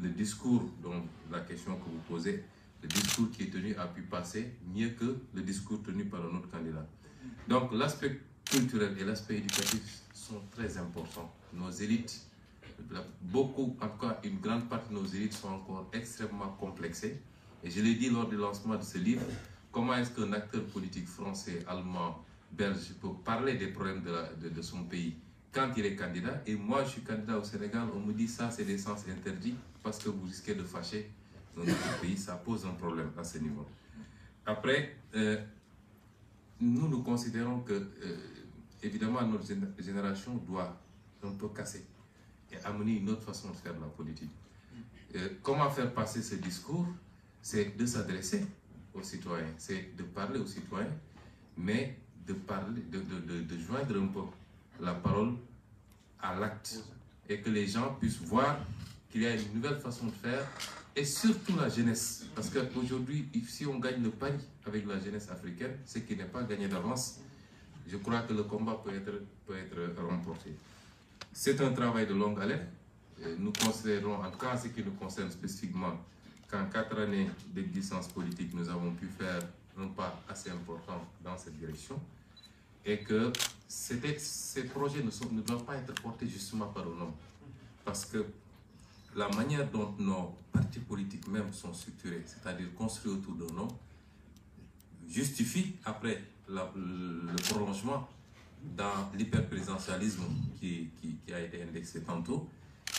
le discours, donc la question que vous posez, le discours qui est tenu a pu passer mieux que le discours tenu par un autre candidat. Donc l'aspect culturel et l'aspect éducatif sont très importants. Nos élites, beaucoup, en tout cas une grande partie de nos élites sont encore extrêmement complexées et je l'ai dit lors du lancement de ce livre, comment est-ce qu'un acteur politique français, allemand, belge peut parler des problèmes de, son pays quand il est candidat Et moi, je suis candidat au Sénégal, on me dit ça, c'est des sens interdits parce que vous risquez de fâcher dans notre pays. Ça pose un problème à ce niveau. Après, euh, nous, nous considérons que, euh, évidemment, notre génération doit un peu casser et amener une autre façon de faire de la politique. Euh, comment faire passer ce discours c'est de s'adresser aux citoyens, c'est de parler aux citoyens, mais de, parler, de, de, de, joindre un peu la parole à l'acte et que les gens puissent voir qu'il y a une nouvelle façon de faire et surtout la jeunesse. Parce qu'aujourd'hui, si on gagne le pari avec la jeunesse africaine, ce qui n'est pas gagné d'avance, je crois que le combat peut être, peut être remporté. C'est un travail de longue haleine. Nous considérons, en tout cas ce qui nous concerne spécifiquement, qu'en quatre années d'existence politique, nous avons pu faire un pas assez important dans cette direction et que ces, projets ne, ne doivent pas être portés justement par le nom. Parce que la manière dont nos partis politiques même sont structurés, c'est-à-dire construits autour d'un nom, justifie après le prolongement dans l'hyperprésidentialisme qui, qui, qui a été indexé tantôt,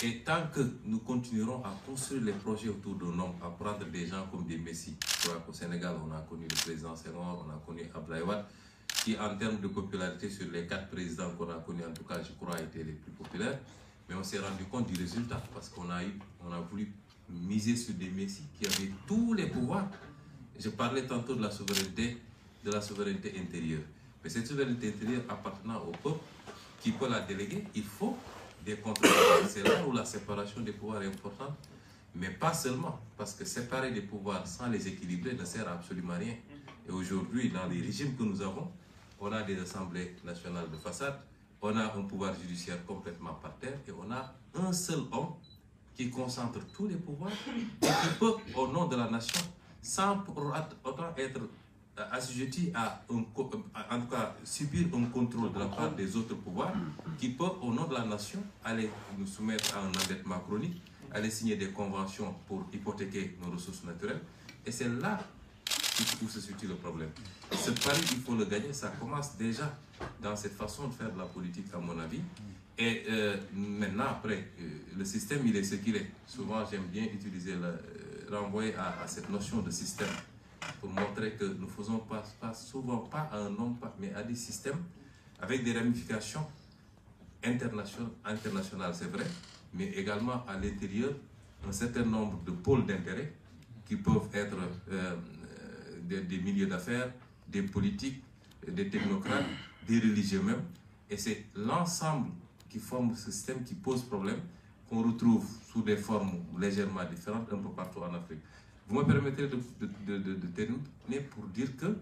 et tant que nous continuerons à construire les projets autour de nous, à prendre des gens comme des messies, je crois qu'au Sénégal, on a connu le président Senghor, on a connu Wade. qui en termes de popularité sur les quatre présidents qu'on a connus, en tout cas, je crois, étaient les plus populaires. Mais on s'est rendu compte du résultat parce qu'on a, on a voulu miser sur des messies qui avaient tous les pouvoirs. Je parlais tantôt de la souveraineté, de la souveraineté intérieure. Mais cette souveraineté intérieure appartenant au peuple, qui peut la déléguer, il faut des contrôles. C'est là où la séparation des pouvoirs est importante, mais pas seulement, parce que séparer les pouvoirs sans les équilibrer ne sert à absolument rien. Et aujourd'hui, dans les régimes que nous avons, on a des assemblées nationales de façade, on a un pouvoir judiciaire complètement par terre et on a un seul homme qui concentre tous les pouvoirs et qui peut, au nom de la nation, sans pour autant être euh, Assujetti à, un, euh, en tout cas, subir un contrôle de la part des autres pouvoirs mm, mm. qui peuvent, au nom de la nation, aller nous soumettre à un endettement chronique, aller signer des conventions pour hypothéquer nos ressources naturelles. Et c'est là où se situe le problème. Ce pari, il faut le gagner, ça commence déjà dans cette façon de faire de la politique, à mon avis. Et euh, maintenant, après, le système, il est ce qu'il est. Souvent, j'aime bien utiliser, le, renvoyer à, à cette notion de système pour montrer que nous ne faisons pas, souvent pas à un homme, mais à des systèmes avec des ramifications internationales, internationales c'est vrai, mais également à l'intérieur, un certain nombre de pôles d'intérêt qui peuvent être euh, euh, des, des milieux d'affaires, des politiques, des technocrates, des religieux même. Et c'est l'ensemble qui forme ce système qui pose problème, qu'on retrouve sous des formes légèrement différentes un peu partout en Afrique. Vous me permettez de, terminer pour dire que,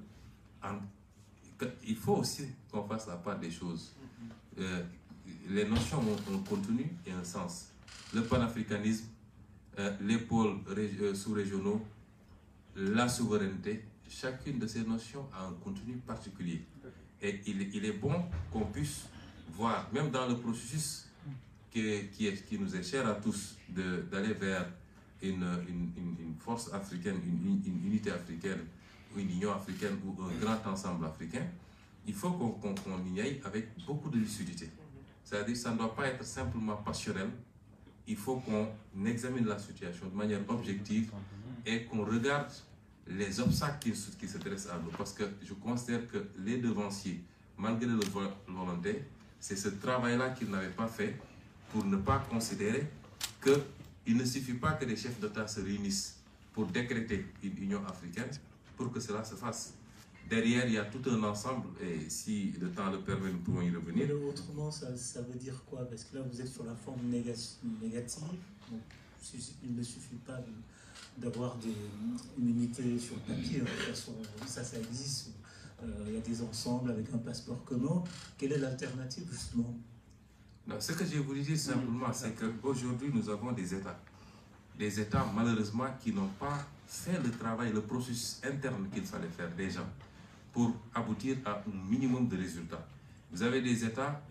il faut aussi qu'on fasse la part des choses. Mm-hmm. Euh, les notions ont, un contenu et un sens. Le panafricanisme, euh, les pôles euh, sous-régionaux, la souveraineté, chacune de ces notions a un contenu particulier. Et il, est bon qu'on puisse voir, même dans le processus mm. qui, qui, qui nous est cher à tous, d'aller vers une, force africaine, une, unité africaine, une union africaine ou un grand ensemble africain, il faut qu'on y aille avec beaucoup de lucidité. C'est-à-dire que ça ne doit pas être simplement passionnel. Il faut qu'on examine la situation de manière objective et qu'on regarde les obstacles qui, qui se dressent à nous. Parce que je considère que les devanciers, malgré leur volonté, c'est ce travail-là qu'ils n'avaient pas fait pour ne pas considérer que il ne suffit pas que les chefs d'État se réunissent pour décréter une union africaine pour que cela se fasse. Derrière, il y a tout un ensemble, et si le temps le permet, nous pouvons y revenir. autrement, ça, veut dire quoi Parce que là, vous êtes sur la forme négative. il ne suffit pas d'avoir une unité sur papier. Hein, ça, ça existe. Euh, il y a des ensembles avec un passeport commun. Quelle est l'alternative, justement ce que je voulais dire simplement, c'est qu'aujourd'hui, nous avons des États. Des États, malheureusement, qui n'ont pas fait le travail, le processus interne qu'il fallait faire déjà pour aboutir à un minimum de résultats. Vous avez des États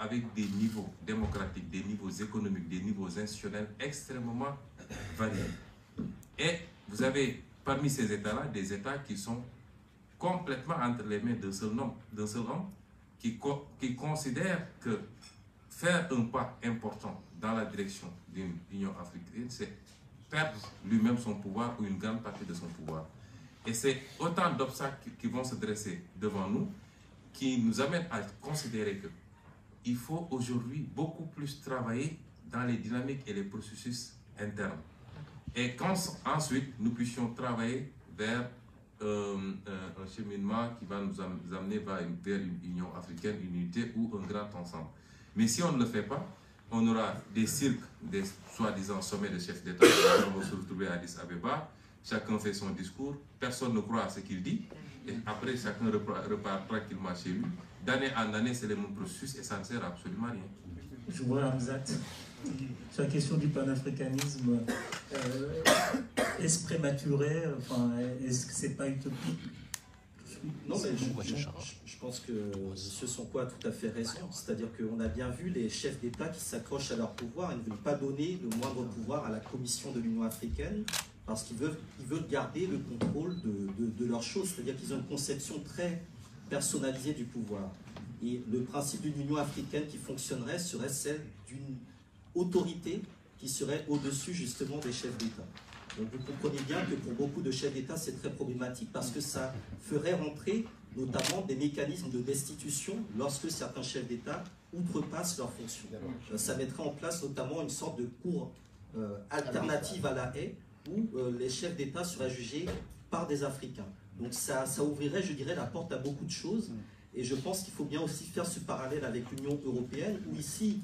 avec des niveaux démocratiques, des niveaux économiques, des niveaux institutionnels extrêmement variés. Et vous avez parmi ces États-là des États qui sont complètement entre les mains d'un seul, homme qui, qui considère que faire un pas important dans la direction d'une Union africaine, c'est perdre lui-même son pouvoir ou une grande partie de son pouvoir. Et c'est autant d'obstacles qui vont se dresser devant nous qui nous amènent à considérer que il faut aujourd'hui beaucoup plus travailler dans les dynamiques et les processus internes. Et qu'ensuite nous puissions travailler vers euh, euh, un cheminement qui va nous amener vers une, vers une union africaine, une unité ou un grand ensemble. Mais si on ne le fait pas, on aura des cirques, des soi-disant sommets de chefs d'État, on va se retrouver à Addis Abeba, chacun fait son discours, personne ne croit à ce qu'il dit, et après chacun repart, tranquillement chez lui. D'année en année, c'est le même processus et ça ne sert absolument à rien. Je vois Hamzat. Sur la question du panafricanisme, euh, est-ce prématuré enfin, Est-ce que ce n'est pas utopique non, mais je, pense que ce sont quoi tout à fait raison. C'est-à-dire qu'on a bien vu les chefs d'État qui s'accrochent à leur pouvoir et ne veulent pas donner le moindre pouvoir à la Commission de l'Union africaine parce qu'ils veulent, garder le contrôle de, de leurs choses. C'est-à-dire qu'ils ont une conception très personnalisée du pouvoir. Et le principe d'une Union africaine qui fonctionnerait serait celle d'une autorité qui serait au-dessus justement des chefs d'État vous comprenez bien que pour beaucoup de chefs d'État, c'est très problématique parce que ça ferait rentrer notamment des mécanismes de destitution lorsque certains chefs d'État outrepassent leurs fonctions. Euh, ça mettrait en place notamment une sorte de cour euh, alternative à la haie où euh, les chefs d'État seraient jugés par des Africains. Donc ça, ça ouvrirait, je dirais, la porte à beaucoup de choses. Et je pense qu'il faut bien aussi faire ce parallèle avec l'Union européenne, où ici,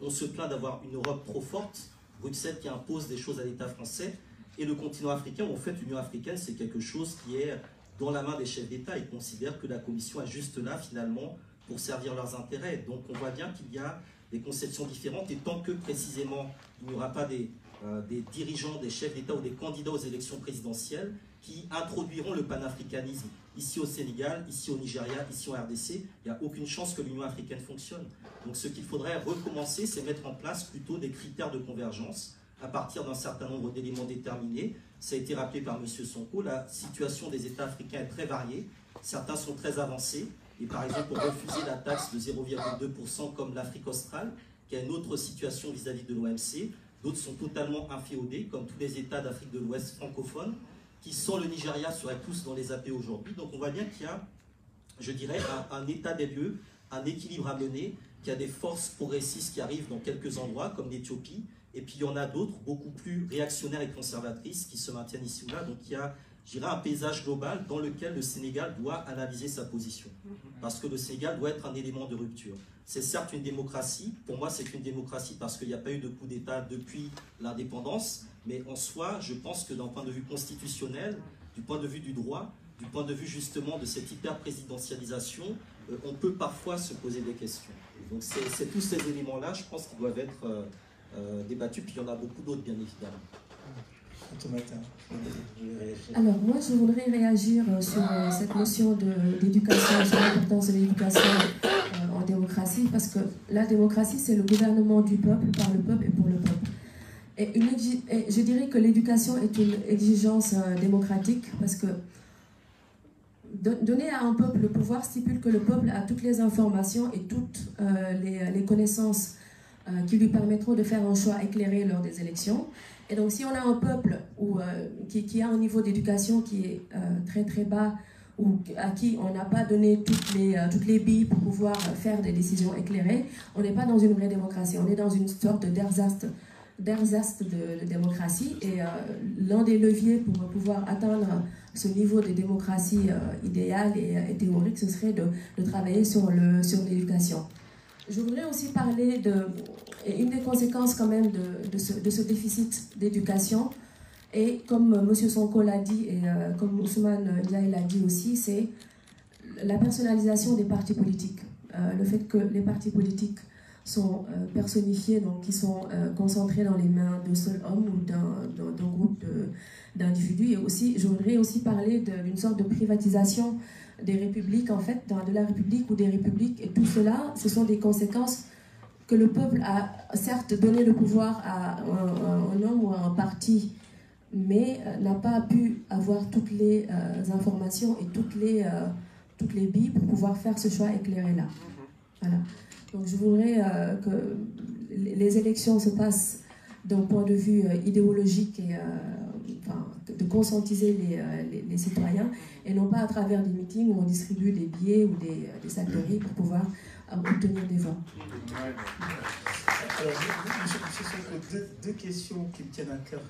on se plaint d'avoir une Europe trop forte, Bruxelles qui impose des choses à l'État français, et le continent africain, en fait, l'Union africaine, c'est quelque chose qui est dans la main des chefs d'État. Ils considèrent que la Commission est juste là, finalement, pour servir leurs intérêts. Donc on voit bien qu'il y a des conceptions différentes. Et tant que, précisément, il n'y aura pas des, euh, dirigeants, des chefs d'État ou des candidats aux élections présidentielles qui introduiront le panafricanisme ici au Sénégal, ici au Nigeria, ici au RDC, il n'y a aucune chance que l'Union africaine fonctionne. Donc ce qu'il faudrait recommencer, c'est mettre en place plutôt des critères de convergence à partir d'un certain nombre d'éléments déterminés. Ça a été rappelé par M. Sonko, la situation des États africains est très variée. Certains sont très avancés, et par exemple ont refusé la taxe de 0,2% comme l'Afrique australe, qui a une autre situation vis-à-vis de l'OMC. D'autres sont totalement inféodés, comme tous les États d'Afrique de l'Ouest francophones, qui sans le Nigeria seraient tous dans les AP aujourd'hui. Donc on voit bien qu'il y a, je dirais, un, état des lieux, un équilibre à mener, qu'il y a des forces progressistes qui arrivent dans quelques endroits, comme l'Éthiopie, et puis il y en a d'autres, beaucoup plus réactionnaires et conservatrices, qui se maintiennent ici ou là. Donc il y a, je un paysage global dans lequel le Sénégal doit analyser sa position. Mhm. Parce que le Sénégal doit être un élément de rupture. C'est certes une démocratie, pour moi c'est une démocratie parce qu'il n'y a pas eu de coup d'État depuis l'indépendance, mais en soi, je pense que d'un point de vue constitutionnel, du point de vue du droit, du point de vue justement de cette hyper-présidentialisation, euh, on peut parfois se poser des questions. Donc c'est tous ces éléments-là, je pense, qui doivent être... Euh, euh, débattu, puis il y en a beaucoup d'autres, bien évidemment. Alors moi, je voudrais réagir euh, sur euh, cette notion d'éducation, sur l'importance de l'éducation en démocratie, parce que la démocratie, c'est le gouvernement du peuple, par le peuple et pour le peuple. Et, une je dirais que l'éducation est une exigence démocratique, parce que donner à un peuple le pouvoir stipule que le peuple a toutes les informations et toutes les connaissances euh, qui lui permettront de faire un choix éclairé lors des élections. Et donc si on a un peuple euh, qui, a un niveau d'éducation qui est euh, très très bas, ou à qui on n'a pas donné toutes les, toutes les billes pour pouvoir faire des décisions éclairées, on n'est pas dans une vraie démocratie, on est dans une sorte d'ersatz de, démocratie. Et l'un des leviers pour pouvoir atteindre ce niveau de démocratie idéal et, théorique, ce serait de, travailler sur l'éducation. Sur je voudrais aussi parler de une des conséquences quand même de, ce, déficit d'éducation. Et comme euh, M. Sonko l'a dit, et euh, comme Ousmane il l'a dit aussi, c'est la personnalisation des partis politiques. Euh, le fait que les partis politiques sont personnifiés, donc qui sont concentrés dans les mains d'un seul homme ou d'un groupe d'individus. Et aussi, je voudrais aussi parler d'une sorte de privatisation des républiques, en fait, de la République ou des républiques, et tout cela, ce sont des conséquences que le peuple a certes donné le pouvoir à euh, euh, un, homme ou à un parti, mais euh, n'a pas pu avoir toutes les informations et toutes les, toutes les billes pour pouvoir faire ce choix éclairé-là. Voilà. Donc je voudrais que les élections se passent d'un point de vue idéologique et de conscientiser euh, les, les, citoyens et non pas à travers des meetings où on distribue des billets ou des, euh, des sacs de riz pour pouvoir euh, obtenir des vins. Alors, je, deux, deux, questions qui me tiennent à cœur,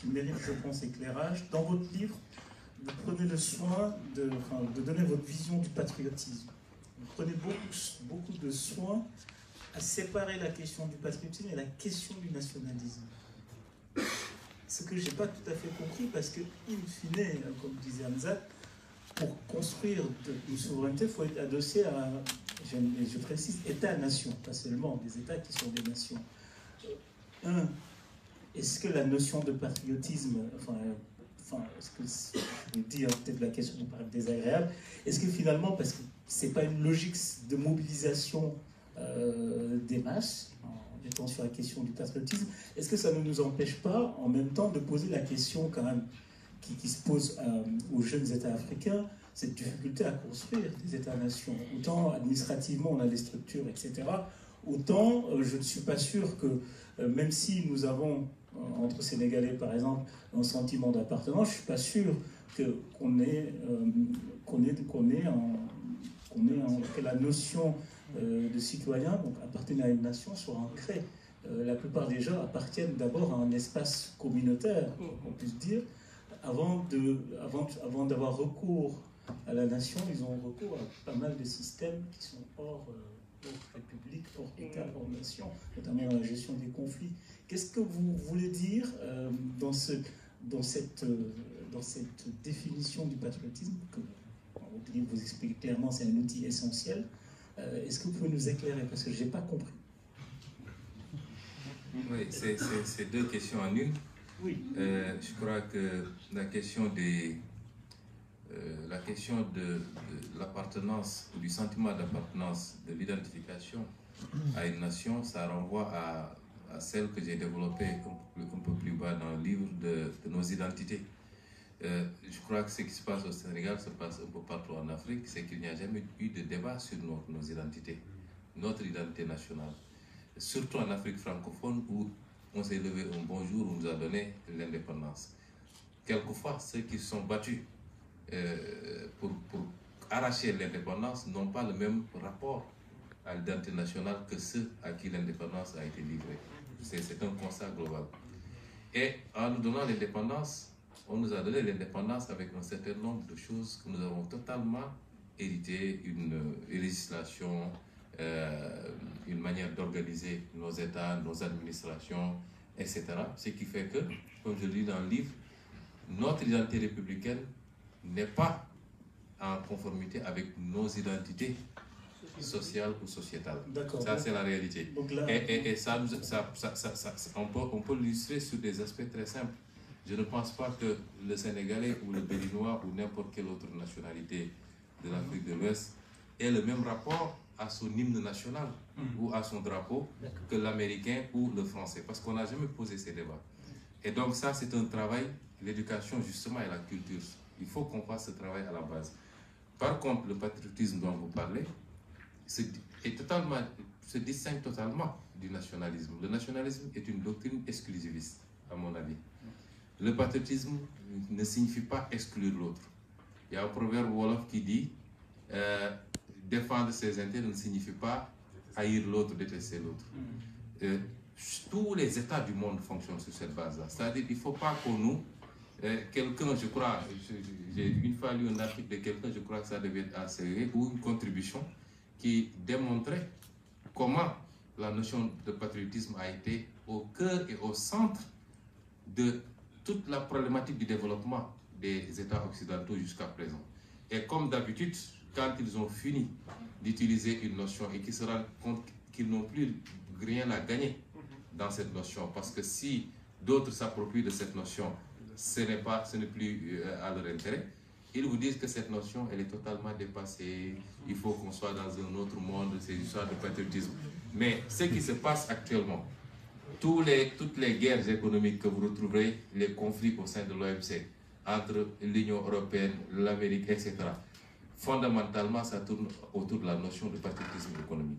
qui méritent, je pense, éclairage. Dans votre livre, vous prenez le soin de, de donner votre vision du patriotisme. Vous prenez beaucoup, beaucoup de soin à séparer la question du patriotisme et la question du nationalisme ce que je n'ai pas tout à fait compris, parce que, in fine, comme disait Hamza, pour construire une souveraineté, il faut être adossé à, je, je précise, État-nation, pas seulement des États qui sont des nations. Un, est-ce que la notion de patriotisme, enfin, ce que je peut-être la question paraît désagréable, est-ce que finalement, parce que ce n'est pas une logique de mobilisation euh, des masses, du sur la question du patriotisme, est-ce que ça ne nous empêche pas en même temps de poser la question quand même qui, se pose euh, aux jeunes États africains, cette difficulté à construire des États-nations Autant administrativement on a des structures, etc., autant euh, je ne suis pas sûr que euh, même si nous avons entre Sénégalais par exemple un sentiment d'appartenance, je ne suis pas sûr qu'on ait, qu'on ait, ait, la notion euh, de citoyens, donc appartenir à une nation, soit ancré. Euh, la plupart des gens appartiennent d'abord à un espace communautaire, mm. on puisse dire, avant d'avoir avant, d'avoir recours à la nation, ils ont recours à pas mal de systèmes qui sont hors, euh, hors République, hors mm. État, hors nation, notamment dans la gestion des conflits. Qu'est-ce que vous voulez dire dans, ce, dans, cette, dans cette définition du patriotisme que vous expliquez clairement, c'est un outil essentiel euh, est-ce que vous pouvez nous éclairer Parce que je n'ai pas compris. Oui, c'est deux questions en une. Euh, je crois que la question des, euh, la question de, l'appartenance ou du sentiment d'appartenance, de l'identification à une nation, ça renvoie à, celle que j'ai développée un peu, plus, bas dans le livre de nos identités. Euh, je crois que ce qui se passe au Sénégal se passe un peu partout en Afrique, c'est qu'il n'y a jamais eu de débat sur nos, identités, notre identité nationale. Surtout en Afrique francophone où on s'est levé un bon jour, on nous a donné l'indépendance. Quelquefois, ceux qui se sont battus euh, pour, pour arracher l'indépendance n'ont pas le même rapport à l'identité nationale que ceux à qui l'indépendance a été livrée. C'est un constat global. Et en nous donnant l'indépendance, on nous a donné l'indépendance avec un certain nombre de choses que nous avons totalement héritées, une, euh, législation, euh, une manière d'organiser nos États, nos administrations, etc. Ce qui fait que, comme je le dis dans le livre, notre identité républicaine n'est pas en conformité avec nos identités sociales ou sociétales. Ça, c'est la réalité. et, ça, on peut, on peut l'illustrer sur des aspects très simples je ne pense pas que le Sénégalais ou le Béninois ou n'importe quelle autre nationalité de l'Afrique de l'Ouest ait le même rapport à son hymne national mm. ou à son drapeau que l'Américain ou le Français, parce qu'on n'a jamais posé ces débats. Et donc ça, c'est un travail, l'éducation justement et la culture. Il faut qu'on fasse ce travail à la base. Par contre, le patriotisme dont vous parlez est totalement, se distingue totalement du nationalisme. Le nationalisme est une doctrine exclusiviste, à mon avis. Mm. Le patriotisme ne signifie pas exclure l'autre. Il y a un proverbe Wolof qui dit euh, défendre ses intérêts ne signifie pas haïr l'autre, détester l'autre. Mm. Euh, tous les États du monde fonctionnent sur cette base-là. C'est-à-dire qu'il ne faut pas qu'on nous euh, quelqu'un, je crois, j'ai une fois lu un article de quelqu'un, je crois que ça devait être assez, ou une contribution qui démontrait comment la notion de patriotisme a été au cœur et au centre de toute la problématique du développement des États occidentaux jusqu'à présent. Et comme d'habitude, quand ils ont fini d'utiliser une notion et qu'ils se rendent compte qu'ils n'ont plus rien à gagner dans cette notion, parce que si d'autres s'approprient de cette notion, ce n'est pas, ce n'est plus euh, à leur intérêt. Ils vous disent que cette notion, elle est totalement dépassée. Il faut qu'on soit dans un autre monde. C'est une histoire de patriotisme. Mais ce qui se passe actuellement, les, toutes les guerres économiques que vous retrouverez, les conflits au sein de l'OMC, entre l'Union européenne, l'Amérique, etc., fondamentalement, ça tourne autour de la notion de patriotisme économique.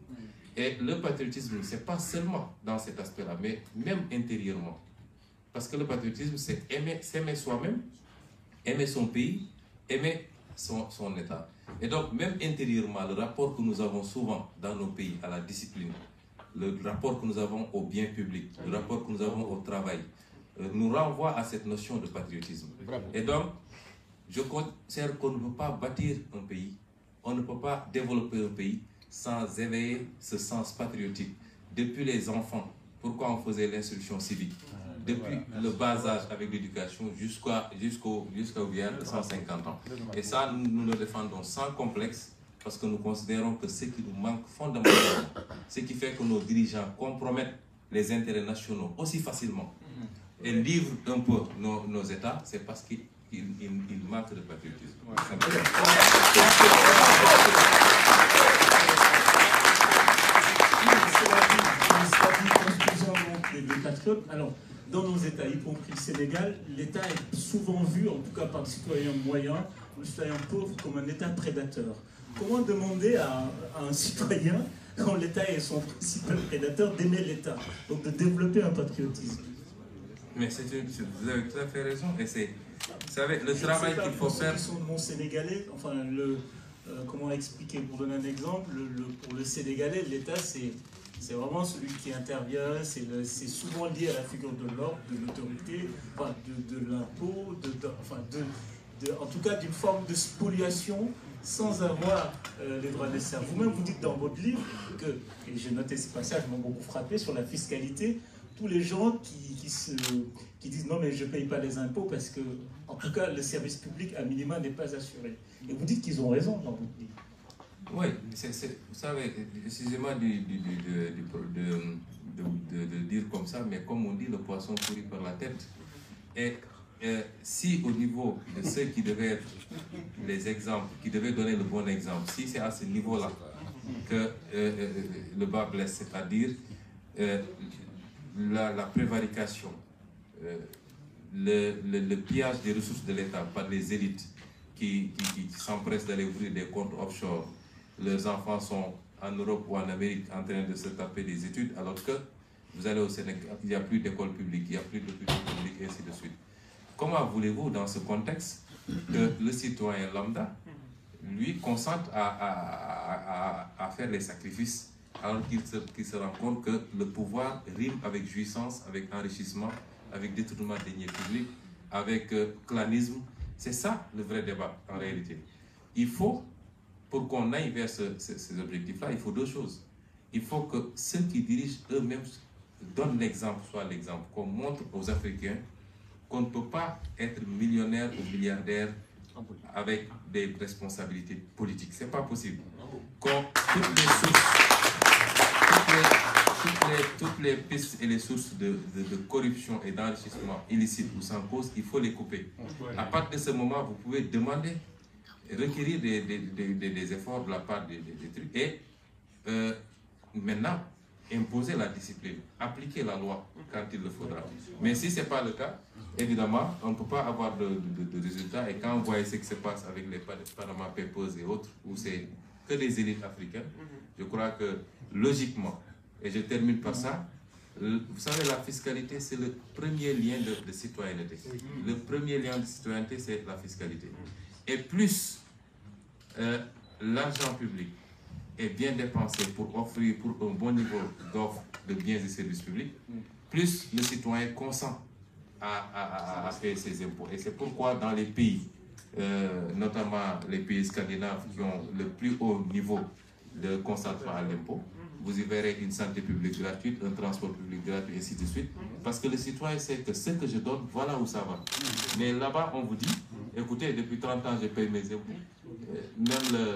Et le patriotisme, ce n'est pas seulement dans cet aspect-là, mais même intérieurement. Parce que le patriotisme, c'est aimer, soi-même, aimer son pays, aimer son, son État. Et donc, même intérieurement, le rapport que nous avons souvent dans nos pays à la discipline, le rapport que nous avons au bien public, le rapport que nous avons au travail, euh, nous renvoie à cette notion de patriotisme. Et donc, je considère qu'on ne peut pas bâtir un pays, on ne peut pas développer un pays sans éveiller ce sens patriotique. Depuis les enfants, pourquoi on faisait l'instruction civique ah, ben Depuis le bas âge avec l'éducation jusqu'à jusqu'au jusqu'au de 150 ans. Et ça, nous, nous le défendons sans complexe parce que nous considérons que ce qui nous manque fondamentalement, ce qui fait que nos dirigeants compromettent les intérêts nationaux aussi facilement mm-hmm. et livrent un peu nos, États, c'est parce qu'ils manquent de patriotisme. Alors, dans nos États, y compris le Sénégal, l'État est souvent vu, en tout cas par le citoyen moyen le citoyen pauvre, comme un État prédateur. Comment demander à, un citoyen, quand l'État est son principal prédateur, d'aimer l'État Donc de développer un patriotisme. Mais c'est vous avez tout à fait raison. Et c'est, vous savez, le travail qu'il faut faire. de mon sénégalais, enfin, le, euh, comment expliquer Pour donner un exemple, pour le sénégalais, l'État, c'est, c'est vraiment celui qui intervient. C'est, souvent lié à la figure de l'ordre, de l'autorité, enfin, de, l'impôt, enfin, de, en tout cas d'une forme de spoliation sans avoir euh, les droits de Vous-même, vous dites dans votre livre que, et j'ai noté ce passage, m'a beaucoup frappé sur la fiscalité, tous les gens qui, se, qui disent non, mais je ne paye pas les impôts parce que, en tout cas, le service public, à minima, n'est pas assuré. Et vous dites qu'ils ont raison dans votre livre. Oui, vous savez, excusez-moi de, dire comme ça, mais comme on dit, le poisson pourrit par la tête. Et euh, si au niveau de ceux qui devaient être les exemples, qui devaient donner le bon exemple, si c'est à ce niveau-là que euh, euh, le bas blesse, c'est-à-dire la, prévarication, le, pillage des ressources de l'État par les élites qui, s'empressent d'aller ouvrir des comptes offshore, leurs enfants sont en Europe ou en Amérique en train de se taper des études, alors que vous allez au Sénégal, il n'y a plus d'école publique, il n'y a plus de public, et ainsi de suite. Comment voulez-vous, dans ce contexte, que le citoyen lambda, lui, consente à, faire les sacrifices alors qu'il se, rend compte que le pouvoir rime avec jouissance, avec enrichissement, avec détournement des deniers publics, avec euh, clanisme. C'est ça le vrai débat en réalité. Il faut, pour qu'on aille vers ces objectifs-là, il faut deux choses. Il faut que ceux qui dirigent eux-mêmes donnent l'exemple, soit l'exemple, qu'on montre aux Africains qu'on ne peut pas être millionnaire ou milliardaire avec des responsabilités politiques. Ce n'est pas possible. Quand toutes les sources, pistes et les sources de, corruption et d'enrichissement illicite ou sans cause, il faut les couper. À partir de ce moment, vous pouvez demander, requérir des, efforts de la part des, trucs et euh, maintenant imposer la discipline, appliquer la loi quand il le faudra. Mais si ce n'est pas le cas, évidemment, on ne peut pas avoir de, résultats. Et quand on voit ce qui se passe avec les Panama Papers et autres, où c'est que les élites africaines, mhm. je crois que logiquement, et je termine par ça, vous savez, la fiscalité, c'est le premier lien de, citoyenneté. Mhm. Le premier lien de citoyenneté, c'est la fiscalité. Et plus euh, l'argent public est bien dépensé pour offrir pour un bon niveau d'offre de biens et services publics, mhm. plus le citoyen consent à, payer ses impôts. Et c'est pourquoi dans les pays, euh, notamment les pays scandinaves qui ont le plus haut niveau de consentement à l'impôt, vous y verrez une santé publique gratuite, un transport public gratuit, et ainsi de suite. Parce que le citoyen sait que ce que je donne, voilà où ça va. Mais là-bas, on vous dit, écoutez, depuis 30 ans, je paye mes impôts. Euh, même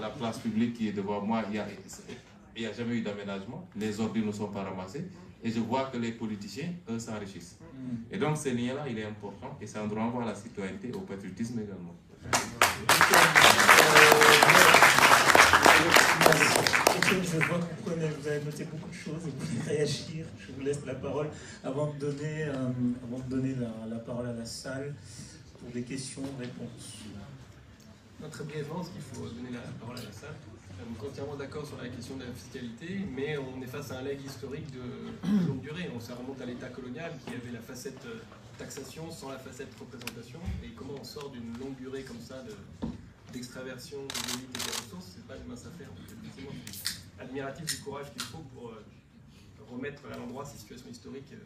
la place publique qui est devant moi, il n'y a, a, jamais eu d'aménagement. Les ordures ne sont pas ramassées et je vois que les politiciens, eux, s'enrichissent. Mm. Et donc ce lien-là, il est important et ça nous renvoie à la citoyenneté au patriotisme également. Je vois que vous avez noté beaucoup de choses et vous voulez réagir. Je vous laisse la parole avant de donner, euh, avant de donner la, parole à la salle pour des questions-réponses. Notre ce qu'il faut donner la parole à la salle sommes entièrement d'accord sur la question de la fiscalité, mais on est face à un leg historique de longue durée. On, s'en remonte à l'État colonial qui avait la facette euh, taxation sans la facette représentation. Et comment on sort d'une longue durée comme ça d'extraversion de, de des ressources, c'est pas une mince affaire. Effectivement, admiratif du courage qu'il faut pour euh, remettre à l'endroit ces situations historiques. Euh,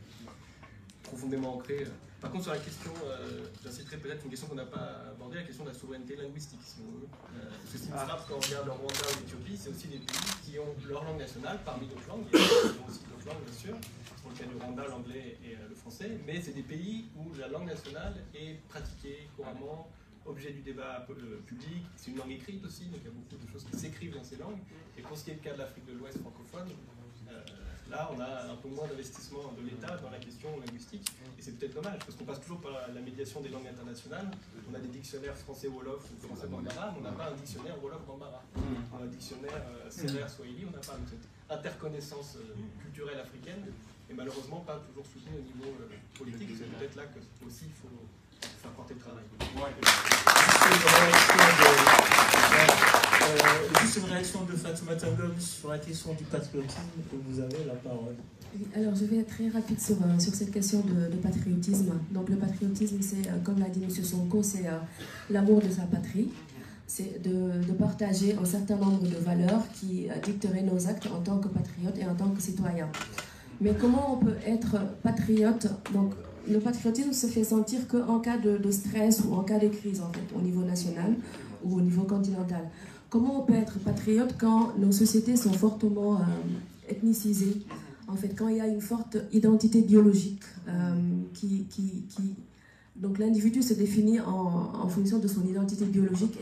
profondément ancré. Euh. Par contre, sur la question, euh, j'inciterai peut-être une question qu'on n'a pas abordée, la question de la souveraineté linguistique, si on veut. me euh, ah. frappe quand on regarde le Rwanda ou l'Éthiopie, c'est aussi des pays qui ont leur langue nationale parmi d'autres langues. Il y a aussi d'autres langues, bien sûr. Pour le cas du Rwanda, l'anglais et le français. Mais c'est des pays où la langue nationale est pratiquée couramment, objet du débat public. C'est une langue écrite aussi, donc il y a beaucoup de choses qui s'écrivent dans ces langues. Et pour ce qui est le cas de l'Afrique de l'Ouest francophone, Là, on a un peu moins d'investissement de l'État dans la question linguistique, et c'est peut-être dommage, parce qu'on passe toujours par la médiation des langues internationales. On a des dictionnaires français Wolof ou français Bambara, mais on n'a pas un dictionnaire Wolof Bambara. Mm. un dictionnaire euh, serer Swahili, on n'a pas cette interconnaissance euh, culturelle africaine, et malheureusement pas toujours soutenue au niveau euh, politique. C'est peut-être là que aussi il faut faire porter le travail. Euh, juste une réaction de Fatoumata sur la question du patriotisme, vous avez la parole. Alors, je vais être très rapide sur, euh, sur cette question de, patriotisme. Donc, le patriotisme, c'est, euh, comme l'a dit M. Sonko, c'est l'amour de sa patrie. C'est de, partager un certain nombre de valeurs qui dicteraient nos actes en tant que patriotes et en tant que citoyens. Mais comment on peut être patriote Donc, le patriotisme se fait sentir qu'en cas de, de, stress ou en cas de crise, en fait, au niveau national ou au niveau continental. Comment on peut être patriote quand nos sociétés sont fortement euh, ethnicisées En fait, quand il y a une forte identité biologique euh, Donc l'individu se définit en, fonction de son identité biologique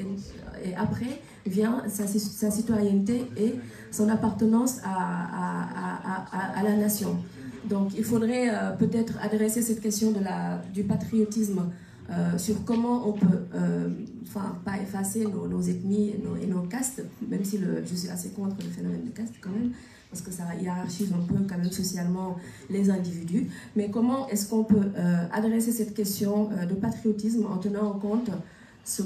et, après vient sa, citoyenneté et son appartenance à, la nation. Donc il faudrait euh, peut-être adresser cette question du patriotisme euh, sur comment on peut, euh, enfin, pas effacer nos, ethnies et nos, castes, même si je suis assez contre le phénomène de caste quand même, parce que ça hiérarchise un peu quand même socialement les individus. Mais comment est-ce qu'on peut euh, adresser cette question de patriotisme en tenant en compte ce,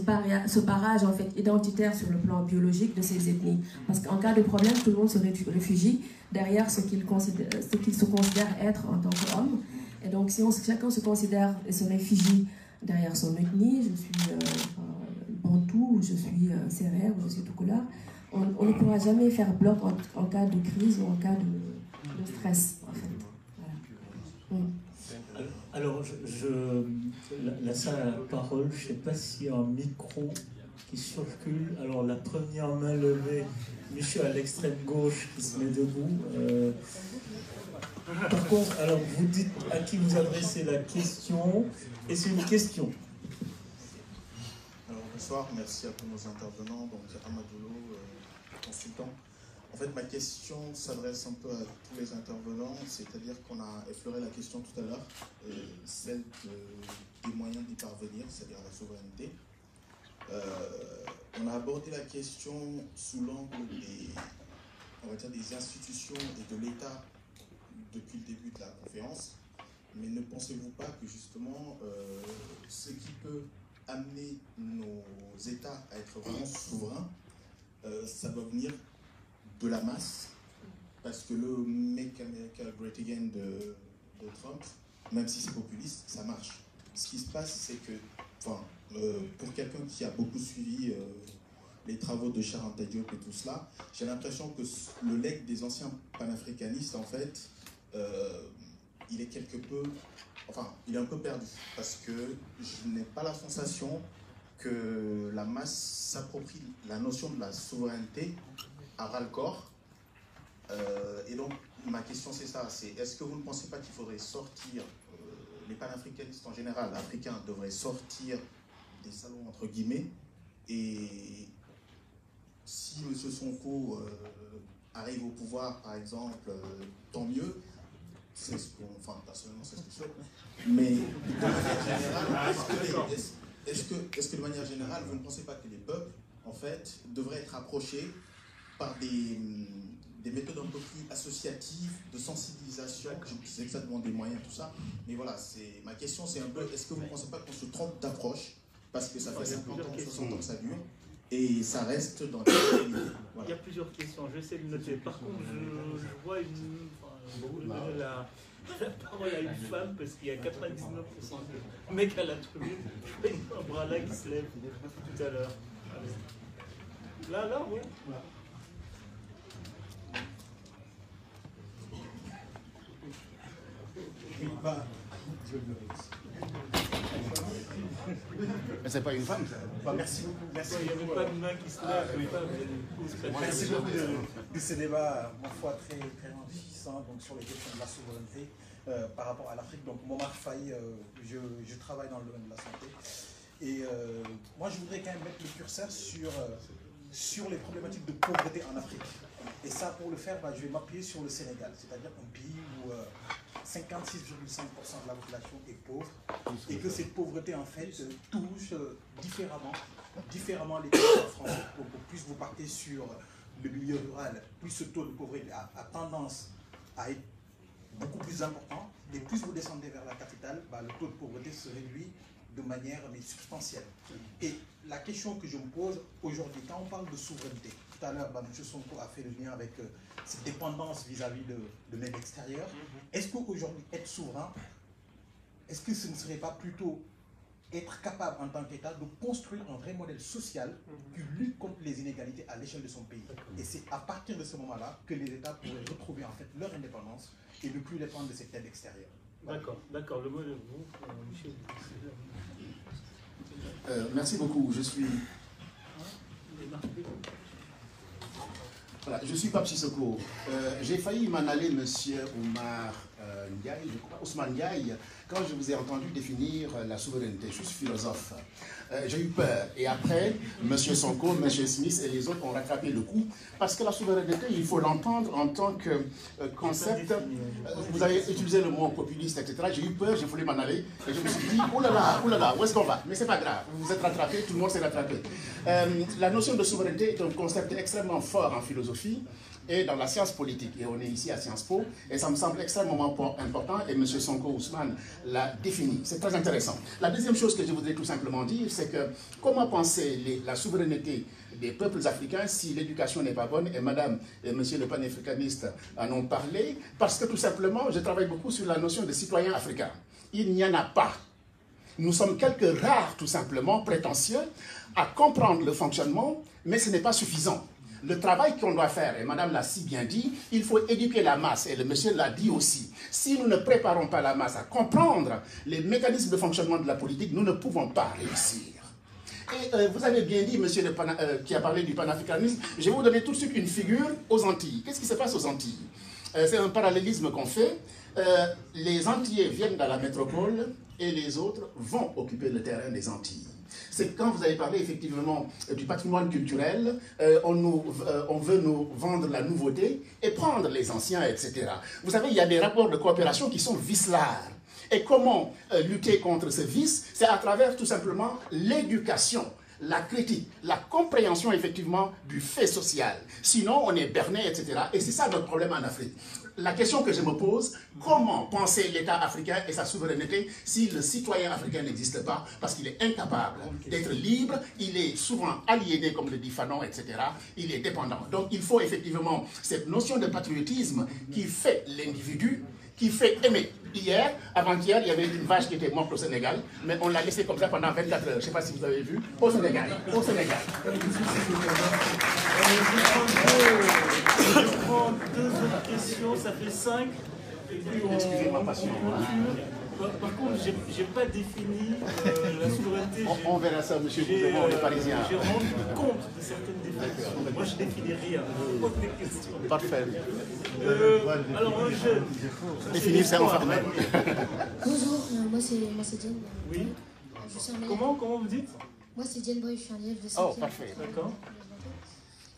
ce barrage en fait identitaire sur le plan biologique de ces ethnies. Parce qu'en cas de problème, tout le monde se réfugie derrière ce qu'il se considère être en tant qu'homme. Et donc, si chacun se considère et se réfugie derrière son ethnie, je suis euh, bantou, je suis euh, serrère, sévère je suis tout On, on, ne pourra jamais faire bloc en, cas de crise ou en cas de, stress, en fait. Mm. Euh, alors, je, la, salle à parole, je ne sais pas s'il y a un micro qui circule. Alors, la première main levée, monsieur à l'extrême gauche qui se met debout. par contre, alors, vous dites à qui vous adressez la question. Et c'est une question. Alors, bonsoir, merci à tous nos intervenants. Donc, Amadoulou, euh, consultant. En fait, ma question s'adresse un peu à tous les intervenants, c'est-à-dire qu'on a effleuré la question tout à l'heure, euh, celle des moyens d'y parvenir, c'est-à-dire la souveraineté. Euh, on a abordé la question sous l'angle des institutions et de l'État depuis le début de la conférence. Mais ne pensez-vous pas que justement, euh, ce qui peut amener nos États à être vraiment souverains, euh, ça va venir de la masse Parce que le Make America Great Again de, Trump, même si c'est populiste, ça marche. Ce qui se passe, c'est que, enfin, euh, pour quelqu'un qui a beaucoup suivi les travaux de charles Diop et tout cela, j'ai l'impression que le leg des anciens panafricanistes, en fait, il est quelque peu, enfin, il est un peu perdu parce que je n'ai pas la sensation que la masse s'approprie la notion de la souveraineté à ras le corps. Euh, et donc, ma question c'est ça, c'est est-ce que vous ne pensez pas qu'il faudrait sortir, les euh, les panafricanistes en général, africains devraient sortir des salons entre guillemets et si M. Sonko euh, arrive au pouvoir, par exemple, tant mieux c'est ce qu'on personnellement, c'est ce que Mais de manière générale, est-ce que, de manière générale, vous ne pensez pas que les peuples, en fait, devraient être approchés par des, méthodes un peu plus associatives, de sensibilisation, je sais que ça des moyens, tout ça, mais voilà, ma question c'est un peu, est-ce que vous ne pensez pas qu'on se trompe d'approche, parce que ça fait 50 ans, 60 ans que ça dure, et ça reste dans les... Il y a plusieurs questions, je sais de noter. Par contre, je vois une donner la, parole à une femme parce qu'il y a 99% de mecs à la tribune. Je un bras là qui se lève tout à l'heure. Là, là, ouais. je le mais c'est pas une femme. Bah, merci beaucoup. Merci de qui beaucoup de, ce débat, ma foi, très, très enrichissant sur les questions de la souveraineté euh, par rapport à l'Afrique. Donc, mon Faye, euh, je, travaille dans le domaine de la santé. Et euh, moi, je voudrais quand même mettre le curseur sur, sur les problématiques de pauvreté en Afrique. Et ça, pour le faire, bah, je vais m'appuyer sur le Sénégal, c'est-à-dire un pays où 56,5% de la population est pauvre et que cette pauvreté en fait touche euh, différemment, différemment les territoires français. plus vous partez sur le milieu rural, plus ce taux de pauvreté a, tendance à être beaucoup plus important et plus vous descendez vers la capitale, bah, le taux de pauvreté se réduit de manière substantielle. Et la question que je me pose aujourd'hui, quand on parle de souveraineté, tout à l'heure, M. Sonko a fait le lien avec euh, cette dépendance vis-à-vis de, l'aide extérieure. Mhm. Est-ce qu'aujourd'hui, être souverain, est-ce que ce ne serait pas plutôt être capable en tant qu'État de construire un vrai modèle social mhm. qui lutte contre les inégalités à l'échelle de son pays Et c'est à partir de ce moment-là que les États pourraient retrouver en fait leur indépendance et ne plus dépendre de cette aide extérieure. D'accord, d'accord. Le mot de vous, euh, monsieur, euh, merci beaucoup. Je suis. Hein, voilà, je suis parti secours. J'ai failli m'en aller, monsieur Omar euh, Ousmane Ndiaye, quand je vous ai entendu définir euh, la souveraineté, je suis philosophe, euh, j'ai eu peur. Et après, M. Sonko, M. Smith et les autres ont rattrapé le coup, parce que la souveraineté, il faut l'entendre en tant que concept. vous avez utilisé le mot populiste, etc. J'ai eu peur, j'ai voulu m'en aller, et je me suis dit, oulala, là là où est-ce qu'on va Mais c'est pas grave, vous vous êtes rattrapé, tout le monde s'est rattrapé. la notion de souveraineté est un concept extrêmement fort en philosophie et dans la science politique. Et on est ici à Sciences Po, et ça me semble extrêmement important, et M. Sonko Ousmane l'a défini. C'est très intéressant. La deuxième chose que je voudrais tout simplement dire, c'est que comment penser la souveraineté des peuples africains si l'éducation n'est pas bonne, et Madame et Monsieur le panafricaniste en ont parlé, parce que tout simplement, je travaille beaucoup sur la notion de citoyen africain. Il n'y en a pas. Nous sommes quelques rares, tout simplement, prétentieux, à comprendre le fonctionnement, mais ce n'est pas suffisant le travail qu'on doit faire, et Madame l'a si bien dit, il faut éduquer la masse, et le monsieur l'a dit aussi. Si nous ne préparons pas la masse à comprendre les mécanismes de fonctionnement de la politique, nous ne pouvons pas réussir. Et euh, vous avez bien dit, monsieur le euh, qui a parlé du panafricanisme, je vais vous donner tout de suite une figure aux Antilles. Qu'est-ce qui se passe aux Antilles euh, C'est un parallélisme qu'on fait. les Antillais viennent dans la métropole et les autres vont occuper le terrain des Antilles c'est quand vous avez parlé effectivement euh, du patrimoine culturel, euh, euh, on, veut nous vendre la nouveauté et prendre les anciens, etc. Vous savez, il y a des rapports de coopération qui sont vicelards. Et comment lutter contre ce vice C'est à travers tout simplement l'éducation la critique, la compréhension effectivement du fait social. Sinon, on est berné, etc. Et c'est ça notre problème en Afrique la question que je me pose, comment penser l'État africain et sa souveraineté si le citoyen africain n'existe pas parce qu'il est incapable d'être libre, il est souvent aliéné, comme le dit Fanon, etc. Il est dépendant. Donc il faut effectivement cette notion de patriotisme qui fait l'individu qui fait aimer. Hier, avant-hier, il y avait une vache qui était morte au Sénégal, mais on l'a laissée comme ça pendant 24 heures. Je ne sais pas si vous avez vu. Au Sénégal. Au Sénégal. deux autres ça fait cinq. Excusez par, contre, je n'ai pas défini euh, la souveraineté. On, verra ça, monsieur avez le euh, Parisien. J'ai rendu compte de certaines définitions. Moi, je définis rien. Parfait. Euh, alors, un jeune Définir, c'est enfermé. Bonjour, moi, c'est Diane. Oui. comment, comment vous dites Moi, c'est Diane Boy, je suis un élève de Oh, parfait. D'accord.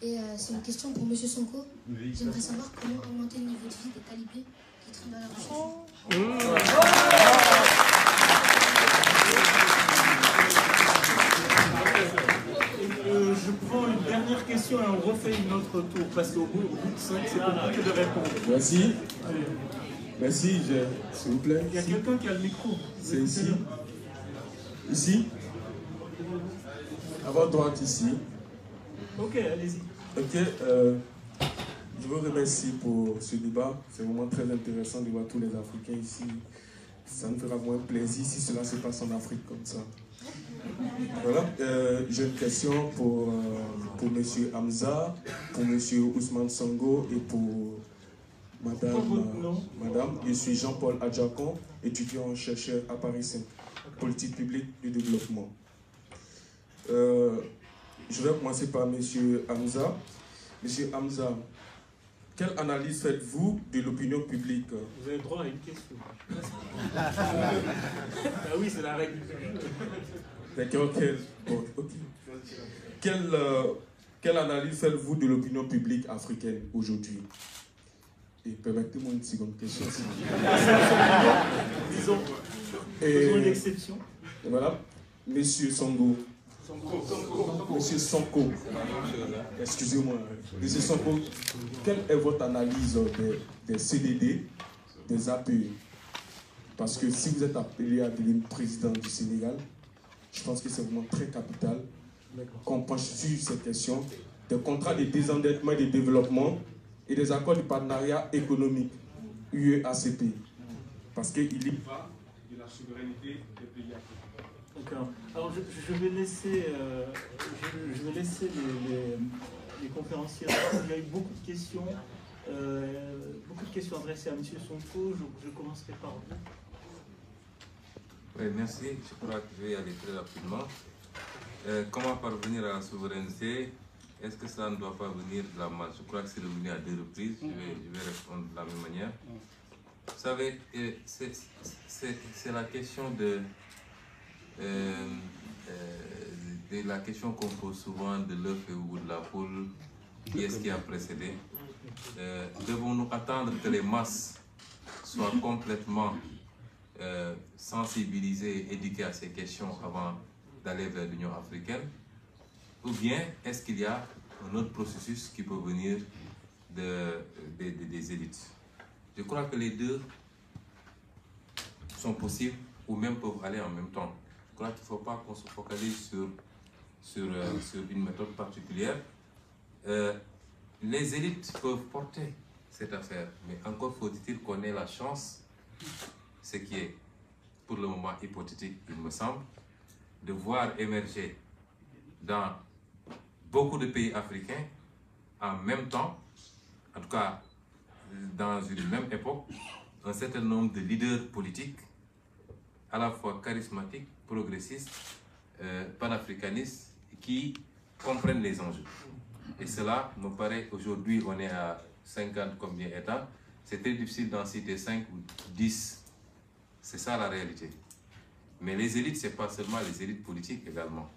Et c'est une question pour Monsieur Sonko. J'aimerais savoir comment augmenter le niveau de vie des talibés qui traînent dans la rue. Oh. Euh, je prends une dernière question et on refait une autre tour parce qu'au au bout de 5, c'est compliqué de répondre. Merci. Merci, s'il vous plaît. Il y a quelqu'un qui a le micro. C'est ici. Ici À votre droite, ici. Ok, allez-y. Ok, euh... Je vous remercie pour ce débat. C'est vraiment très intéressant de voir tous les Africains ici. Ça me fera moins plaisir si cela se passe en Afrique comme ça. Voilà, euh, j'ai une question pour, euh, pour M. Hamza, pour M. Ousmane Sango et pour Madame. Madame. Je suis Jean-Paul Adjacon, étudiant chercheur à Paris 5, politique publique du développement. Euh, je vais commencer par M. Hamza. M. Hamza, quelle analyse faites-vous de l'opinion publique Vous avez droit à une question. ah oui, c'est la règle. D'accord, quelle, bon, euh, quelle, analyse faites-vous de l'opinion publique africaine aujourd'hui Et permettez-moi une seconde question. Disons. Disons, faisons une exception. voilà. Monsieur Sango, Monsieur Sonko, excusez-moi, Monsieur Sonko, quelle est votre analyse des, CDD, des APE Parce que si vous êtes appelé à devenir président du Sénégal, je pense que c'est vraiment très capital qu'on penche sur cette question des contrats de désendettement et de développement et des accords de partenariat économique, ue parce qu'il y va de la souveraineté des pays africains. D'accord. Alors je, vais laisser, euh, je, vais laisser les, conférenciers. Il y a eu beaucoup de questions, euh, beaucoup de questions adressées à M. Sonko. Je, commencerai par vous. Oui, merci. Je crois que je vais y aller très rapidement. Euh, comment parvenir à la souveraineté Est-ce que ça ne doit pas venir de la masse Je crois que c'est revenu à deux reprises. Je vais, je vais, répondre de la même manière. Vous savez, c'est la question de euh, euh, la question qu'on pose souvent de l'œuf ou de la poule, qui est-ce qui a précédé euh, Devons-nous attendre que les masses soient complètement euh, sensibilisées, éduquées à ces questions avant d'aller vers l'Union africaine Ou bien est-ce qu'il y a un autre processus qui peut venir des élites Je crois que les deux sont possibles ou même peuvent aller en même temps. Il ne faut pas qu'on se focalise sur, sur, euh, sur une méthode particulière. Euh, les élites peuvent porter cette affaire, mais encore faut-il qu'on ait la chance, ce qui est pour le moment hypothétique, il me semble, de voir émerger dans beaucoup de pays africains en même temps, en tout cas euh, dans une même époque, un certain nombre de leaders politiques à la fois charismatique, progressiste, euh, panafricaniste, qui comprennent les enjeux. Et cela me paraît, aujourd'hui, on est à 50 combien États, c'est très difficile d'en citer 5 ou 10. C'est ça la réalité. Mais les élites, ce n'est pas seulement les élites politiques également.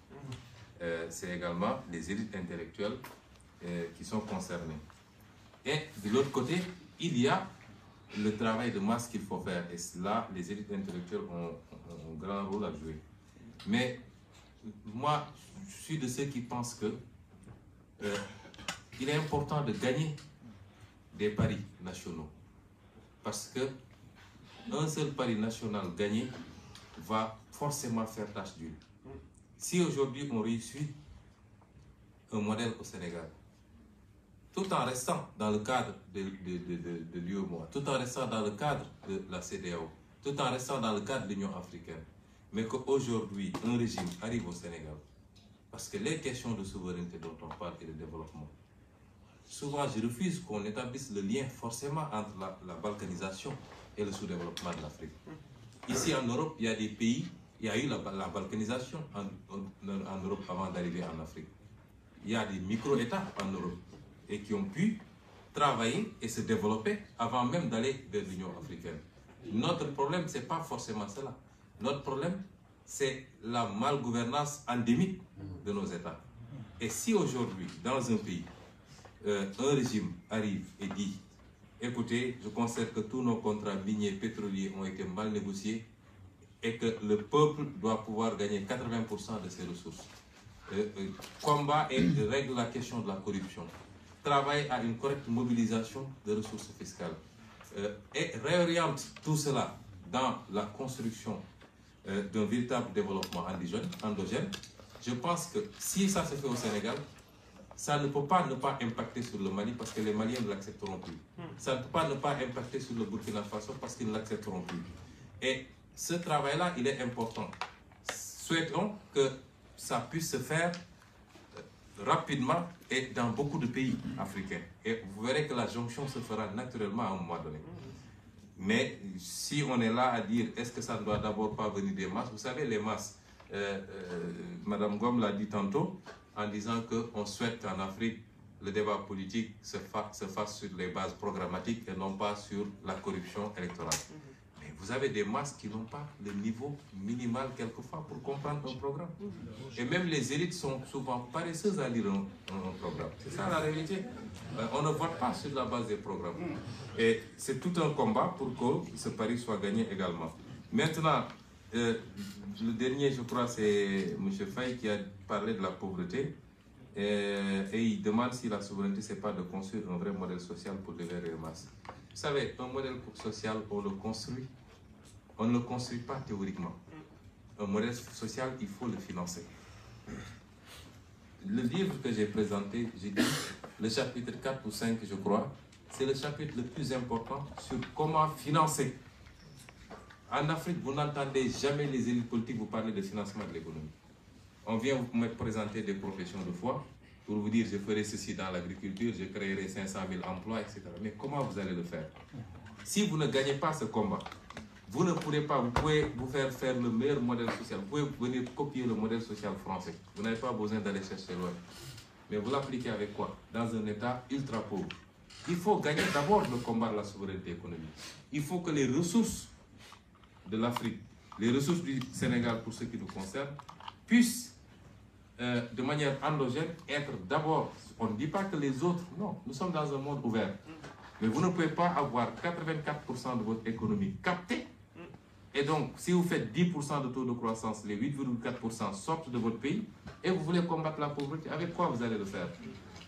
Euh, c'est également les élites intellectuelles euh, qui sont concernées. Et de l'autre côté, il y a le travail de masse qu'il faut faire. Et là, les élites intellectuelles ont, un grand rôle à jouer. Mais moi, je suis de ceux qui pensent que euh, il est important de gagner des paris nationaux. Parce que un seul pari national gagné va forcément faire tâche d'huile. Si aujourd'hui on réussit un modèle au Sénégal, tout en restant dans le cadre de, de, de, e tout en restant dans le cadre de la CDAO, tout en restant dans le cadre de l'Union africaine, mais qu'aujourd'hui, un régime arrive au Sénégal, parce que les questions de souveraineté dont on parle et de développement, souvent je refuse qu'on établisse le lien forcément entre la, balkanisation et le sous-développement de l'Afrique. Ici en Europe, il y a des pays, il y a eu la, balkanisation en Europe avant d'arriver en Afrique. Il y a des micro-États en Europe et qui ont pu travailler et se développer avant même d'aller vers l'Union africaine. Notre problème, ce n'est pas forcément cela. Notre problème, c'est la malgouvernance endémique de nos États. Et si aujourd'hui, dans un pays, euh, un régime arrive et dit écoutez, je considère que tous nos contrats miniers pétroliers ont été mal négociés et que le peuple doit pouvoir gagner 80% de ses ressources. Euh, euh, combat et règle la question de la corruption travaille à une correcte mobilisation des ressources fiscales euh, et réoriente tout cela dans la construction euh, d'un véritable développement indigène, endogène, je pense que si ça se fait au Sénégal, ça ne peut pas ne pas impacter sur le Mali parce que les Maliens ne l'accepteront plus. Hmm. Ça ne peut pas ne pas impacter sur le Burkina Faso parce qu'ils ne l'accepteront plus. Et ce travail-là, il est important. Souhaitons que ça puisse se faire rapidement et dans beaucoup de pays africains. Et vous verrez que la jonction se fera naturellement à un moment donné. Mais si on est là à dire, est-ce que ça ne doit d'abord pas venir des masses Vous savez, les masses, euh, euh Madame Gomme l'a dit tantôt, en disant qu'on souhaite en Afrique le débat politique se, se fasse sur les bases programmatiques et non pas sur la corruption électorale vous avez des masses qui n'ont pas le niveau minimal quelquefois pour comprendre un programme. Et même les élites sont souvent paresseuses à lire un, programme. C'est ça la réalité. Ben, on ne vote pas sur la base des programmes. Et c'est tout un combat pour que ce pari soit gagné également. Maintenant, euh, le dernier, je crois, c'est M. Fay qui a parlé de la pauvreté. Et, il demande si la souveraineté, c'est pas de construire un vrai modèle social pour lever les masses. Vous savez, un modèle social, on le construit on ne construit pas théoriquement. Un modèle social, il faut le financer. Le livre que j'ai présenté, j'ai dit, le chapitre 4 ou 5, je crois, c'est le chapitre le plus important sur comment financer. En Afrique, vous n'entendez jamais les élites politiques vous parler de financement de l'économie. On vient vous présenter des professions de foi pour vous dire je ferai ceci dans l'agriculture, je créerai 500 000 emplois, etc. Mais comment vous allez le faire Si vous ne gagnez pas ce combat, vous ne pourrez pas, vous pouvez vous faire faire le meilleur modèle social. Vous pouvez venir copier le modèle social français. Vous n'avez pas besoin d'aller chercher loin. Mais vous l'appliquez avec quoi Dans un État ultra pauvre. Il faut gagner d'abord le combat de la souveraineté économique. Il faut que les ressources de l'Afrique, les ressources du Sénégal pour ce qui nous concerne, puissent euh, de manière endogène être d'abord, on ne dit pas que les autres, non, nous sommes dans un monde ouvert. Mais vous ne pouvez pas avoir 84% de votre économie captée et donc, si vous faites 10% de taux de croissance, les 8,4% sortent de votre pays et vous voulez combattre la pauvreté, avec quoi vous allez le faire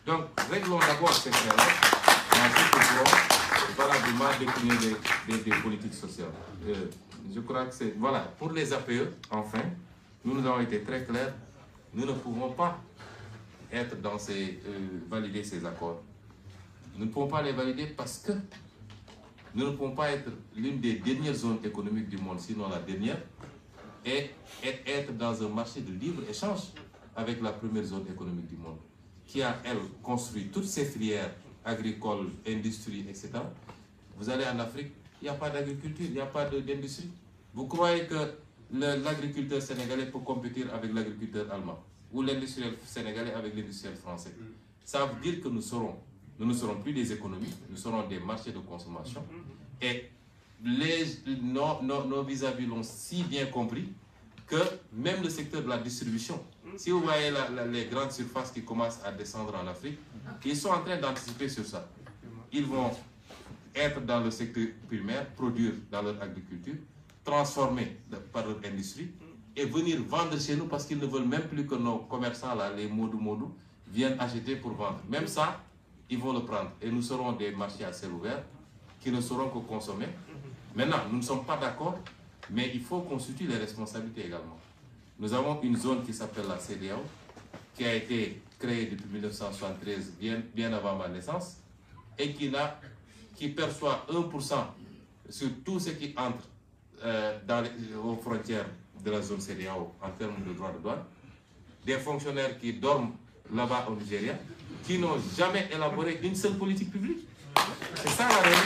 Donc, réglons d'abord cette Et ensuite nous pourrons valablement des, politiques sociales. Euh, je crois que c'est... Voilà, pour les APE, enfin, nous nous avons été très clairs, nous ne pouvons pas être dans ces... Euh, valider ces accords. Nous ne pouvons pas les valider parce que nous ne pouvons pas être l'une des dernières zones économiques du monde, sinon la dernière, et être dans un marché de libre-échange avec la première zone économique du monde, qui a, elle, construit toutes ses filières agricoles, industries, etc. Vous allez en Afrique, il n'y a pas d'agriculture, il n'y a pas d'industrie. Vous croyez que l'agriculteur sénégalais peut compétir avec l'agriculteur allemand ou l'industriel sénégalais avec l'industriel français Ça veut dire que nous serons nous ne serons plus des économies, nous serons des marchés de consommation. Et les, nos, vis-à-vis l'ont si bien compris que même le secteur de la distribution, si vous voyez les grandes surfaces qui commencent à descendre en Afrique, ils sont en train d'anticiper sur ça. Ils vont être dans le secteur primaire, produire dans leur agriculture, transformer par leur industrie et venir vendre chez nous parce qu'ils ne veulent même plus que nos commerçants, là, les modou modou, viennent acheter pour vendre. Même ça, ils vont le prendre. Et nous serons des marchés à ouverts qui ne seront que consommés. Maintenant, nous ne sommes pas d'accord, mais il faut constituer les responsabilités également. Nous avons une zone qui s'appelle la CDAO, qui a été créée depuis 1973, bien, bien avant ma naissance, et qui, a, qui perçoit 1% sur tout ce qui entre euh, dans les, aux frontières de la zone CDAO en termes de droits de douane. Des fonctionnaires qui dorment là-bas au Nigeria, qui n'ont jamais élaboré une seule politique publique. C'est ça la réalité.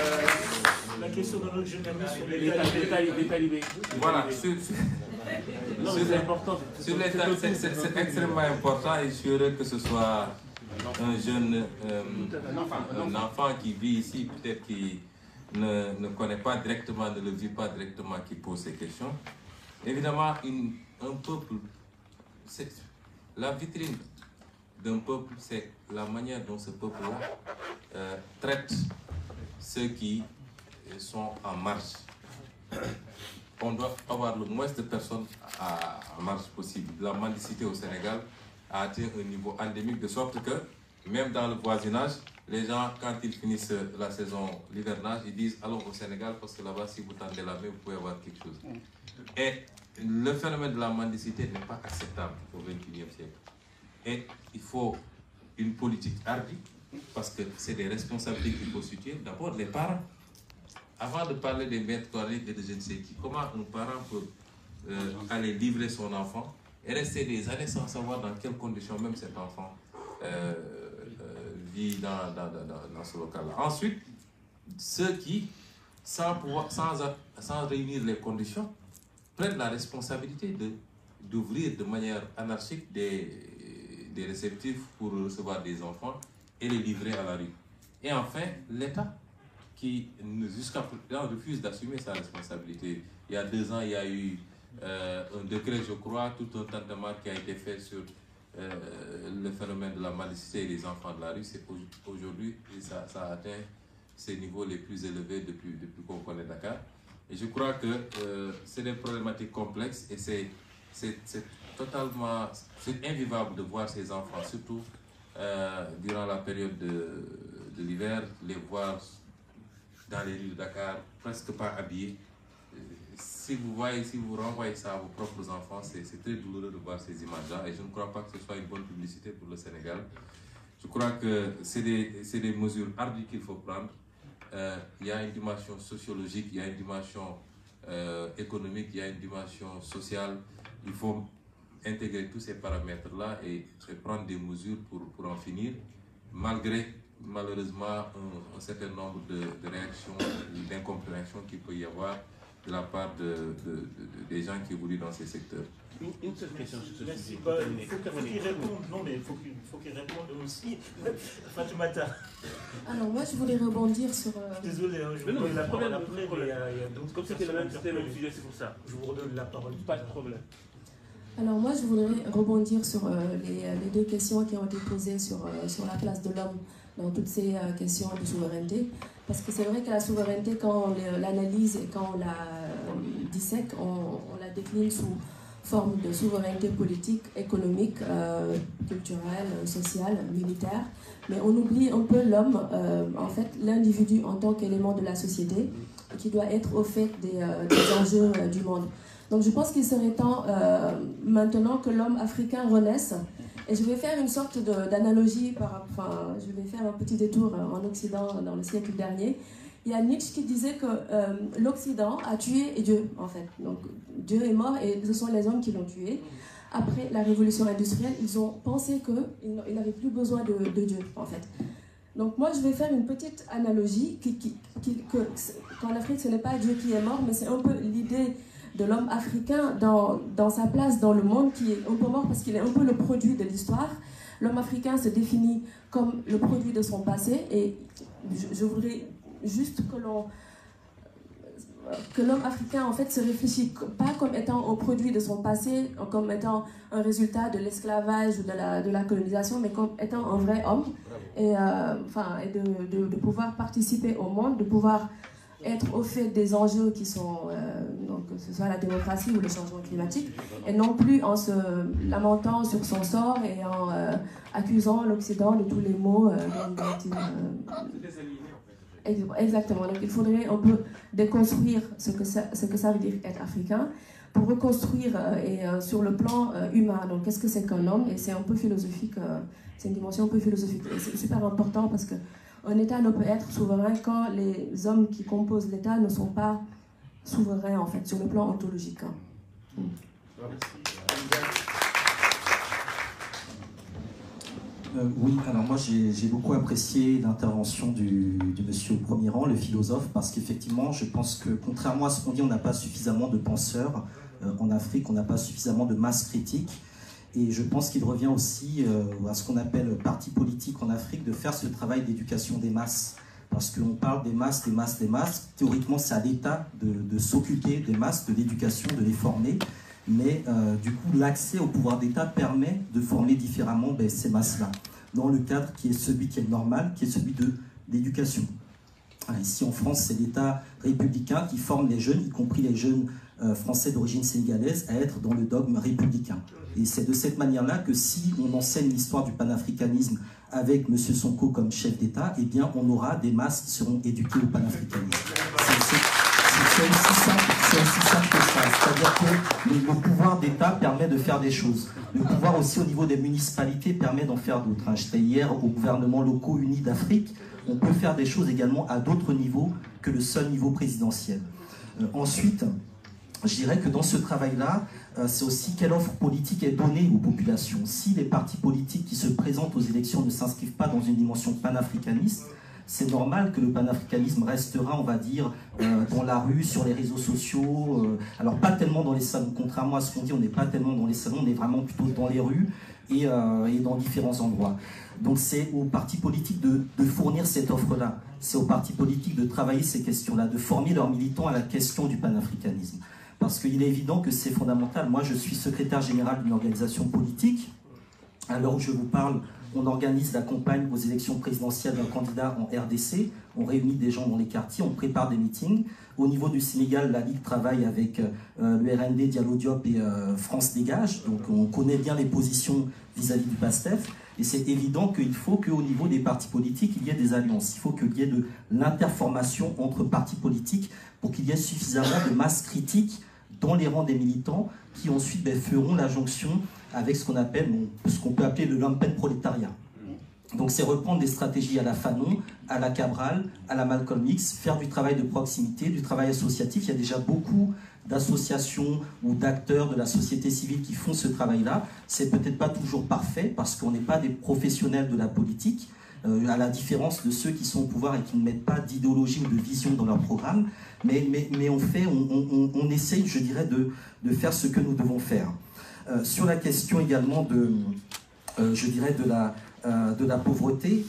Euh, la question de notre ami sur l'État les Voilà, c'est important. C'est extrêmement important et je suis heureux que ce soit un jeune euh, un enfant qui vit ici, peut-être qui ne, ne, connaît pas directement, ne le vit pas directement, qui pose ces questions. Évidemment, un peuple la vitrine d'un peuple, c'est la manière dont ce peuple-là euh, traite ceux qui sont en marche. On doit avoir le moins de personnes en marche possible. La mendicité au Sénégal a atteint un niveau endémique de sorte que même dans le voisinage, les gens, quand ils finissent la saison, l'hivernage, ils disent allons au Sénégal parce que là-bas, si vous tendez la main, vous pouvez avoir quelque chose. Et le phénomène de la mendicité n'est pas acceptable au 29e siècle. Et il faut une politique hardie, parce que c'est des responsabilités qu'il faut situer. D'abord, les parents. Avant de parler des maîtres et de je ne sais qui, comment nos parents peuvent euh, aller livrer son enfant et rester des années sans savoir dans quelles conditions même cet enfant euh, euh, vit dans, ce local-là. Ensuite, ceux qui, sans, pouvoir, sans réunir les conditions, prennent la responsabilité de d'ouvrir de manière anarchique des, des réceptifs pour recevoir des enfants et les livrer à la rue. Et enfin, l'État qui jusqu'à présent refuse d'assumer sa responsabilité. Il y a deux ans, il y a eu euh, un décret, je crois, tout un tas de marques qui a été fait sur euh, le phénomène de la malicité des enfants de la rue. C'est aujourd'hui, ça, a atteint ses niveaux les plus élevés depuis, depuis qu'on connaît Dakar. Et je crois que euh, c'est des problématiques complexes et c'est totalement c'est invivable de voir ces enfants, surtout euh, durant la période de, l'hiver, les voir dans les rues de Dakar, presque pas habillés. Euh, si vous voyez, si vous renvoyez ça à vos propres enfants, c'est très douloureux de voir ces images-là et je ne crois pas que ce soit une bonne publicité pour le Sénégal. Je crois que c'est des mesures ardues qu'il faut prendre euh, il y a une dimension sociologique, il y a une dimension euh, économique, il y a une dimension sociale. Il faut intégrer tous ces paramètres-là et, prendre des mesures pour, pour en finir, malgré malheureusement un, certain nombre de, réactions ou d'incompréhensions qu'il peut y avoir de la part des gens qui évoluent dans ces secteurs. Une, seule question sur ce Merci. sujet. il faut, qu'il réponde. Non, mais il faut qu'il réponde aussi. Fatoumata. Alors, ah moi, je voulais rebondir sur. Euh, Désolé, hein, je vous la parole après. Euh, Comme c'était le même sujet, c'est pour ça. Je vous redonne la parole. Pas de problème. Alors moi, je voudrais rebondir sur euh, les, deux questions qui ont été posées sur, sur la place de l'homme dans toutes ces questions de souveraineté. Parce que c'est vrai que la souveraineté, quand on l'analyse et quand on la dissèque, on, la décline sous forme de souveraineté politique, économique, euh, culturelle, sociale, militaire. Mais on oublie un peu l'homme, euh, en fait, l'individu en tant qu'élément de la société qui doit être au fait des, euh, des enjeux du monde. Donc je pense qu'il serait temps maintenant que l'homme africain renaisse. Et je vais faire une sorte d'analogie, enfin, je vais faire un petit détour en Occident dans le siècle dernier il y a Nietzsche qui disait que euh, l'Occident a tué Dieu, en fait. Donc Dieu est mort et ce sont les hommes qui l'ont tué. Après la révolution industrielle, ils ont pensé qu'ils n'avaient plus besoin de, Dieu, en fait. Donc moi, je vais faire une petite analogie qui, qu'en Afrique, ce n'est pas Dieu qui est mort, mais c'est un peu l'idée de l'homme africain dans, dans, sa place dans le monde qui est un peu mort parce qu'il est un peu le produit de l'histoire. L'homme africain se définit comme le produit de son passé et je, je voudrais juste que l'homme africain en fait se réfléchit pas comme étant au produit de son passé, comme étant un résultat de l'esclavage ou de la, colonisation, mais comme étant un vrai homme et, euh, enfin, de, pouvoir participer au monde, de pouvoir être au fait des enjeux qui sont, euh, que ce soit la démocratie ou le changement climatique, et non plus en se lamentant sur son sort et en euh, accusant l'Occident de tous les maux dont Exactement. Donc, il faudrait un peu déconstruire ce que ça, ce que ça veut dire être africain pour reconstruire euh, et, euh, sur le plan euh, humain. Donc, qu'est-ce que c'est qu'un homme Et c'est un peu philosophique, c'est une dimension un peu philosophique. c'est super important parce qu'un État ne peut être souverain quand les hommes qui composent l'État ne sont pas souverains, en fait, sur le plan ontologique. Hein. Mm. Euh, oui, alors moi j'ai beaucoup apprécié l'intervention du, monsieur au premier rang, le philosophe, parce qu'effectivement je pense que contrairement à ce qu'on dit, on n'a pas suffisamment de penseurs euh, en Afrique, on n'a pas suffisamment de masse critiques. Et je pense qu'il revient aussi euh, à ce qu'on appelle parti politique en Afrique de faire ce travail d'éducation des masses. Parce qu'on parle des masses, des masses, des masses. Théoriquement, c'est à l'État de, de s'occuper des masses, de l'éducation, de les former. Mais euh, du coup, l'accès au pouvoir d'État permet de former différemment ben, ces masses-là, dans le cadre qui est celui qui est normal, qui est celui de l'éducation. Hein, ici en France, c'est l'État républicain qui forme les jeunes, y compris les jeunes euh, français d'origine sénégalaise, à être dans le dogme républicain. Et c'est de cette manière-là que si on enseigne l'histoire du panafricanisme avec M. Sonko comme chef d'État, eh bien on aura des masses qui seront éduquées au panafricanisme. C'est c'est aussi simple que ça. C'est-à-dire que le, pouvoir d'État permet de faire des choses. Le pouvoir aussi au niveau des municipalités permet d'en faire d'autres. Hein. Je J'étais hier au gouvernement locaux unis d'Afrique. On peut faire des choses également à d'autres niveaux que le seul niveau présidentiel. Euh, ensuite, je dirais que dans ce travail-là, euh, c'est aussi quelle offre politique est donnée aux populations. Si les partis politiques qui se présentent aux élections ne s'inscrivent pas dans une dimension panafricaniste, c'est normal que le panafricanisme restera, on va dire, euh, dans la rue, sur les réseaux sociaux. Euh, alors pas tellement dans les salons, contrairement à ce qu'on dit, on n'est pas tellement dans les salons, on est vraiment plutôt dans les rues et, euh, dans différents endroits. Donc c'est aux partis politiques de, fournir cette offre-là, c'est aux partis politiques de travailler ces questions-là, de former leurs militants à la question du panafricanisme. Parce qu'il est évident que c'est fondamental. Moi, je suis secrétaire général d'une organisation politique. alors je vous parle, on organise la campagne aux élections présidentielles d'un candidat en RDC, on réunit des gens dans les quartiers, on prépare des meetings. Au niveau du Sénégal, la Ligue travaille avec euh, le RND, Diallo Diop et euh, France Dégage, donc on connaît bien les positions vis-à-vis du PASTEF. Et c'est évident qu'il faut qu'au niveau des partis politiques, il y ait des alliances. Il faut qu'il y ait de l'interformation entre partis politiques pour qu'il y ait suffisamment de masse critique dans les rangs des militants qui ensuite ben, feront la jonction avec ce qu'on appelle, ce qu'on peut appeler le lampen prolétariat. Donc c'est reprendre des stratégies à la Fanon, à la Cabral, à la Malcolm X, faire du travail de proximité, du travail associatif. Il y a déjà beaucoup d'associations ou d'acteurs de la société civile qui font ce travail-là. C'est peut-être pas toujours parfait parce qu'on n'est pas des professionnels de la politique, euh, à la différence de ceux qui sont au pouvoir et qui ne mettent pas d'idéologie ou de vision dans leur programme. Mais, on fait, on, essaye, je dirais, de faire ce que nous devons faire. Euh, sur la question également de, euh, je dirais, de la, euh, de la pauvreté,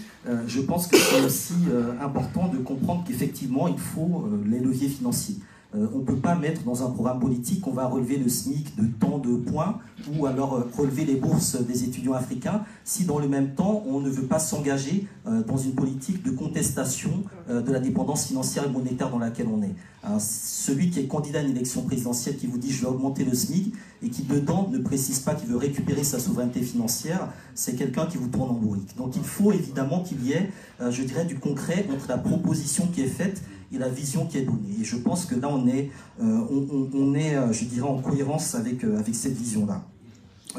je pense que c'est aussi important de comprendre qu'effectivement, il faut les leviers financiers. Euh, on ne peut pas mettre dans un programme politique qu'on va relever le SMIC de tant de points ou alors euh, relever les bourses des étudiants africains si dans le même temps on ne veut pas s'engager euh, dans une politique de contestation de la dépendance financière et monétaire dans laquelle on est. celui qui est candidat à une élection présidentielle qui vous dit je vais augmenter le SMIC et qui dedans ne précise pas qu'il veut récupérer sa souveraineté financière, c'est quelqu'un qui vous tourne en bourrique. Donc il faut évidemment qu'il y ait, je dirais, du concret entre la proposition qui est faite et la vision qui est donnée. Et je pense que là, on est, euh, on, est euh, je dirais, en cohérence avec, euh, avec cette vision-là.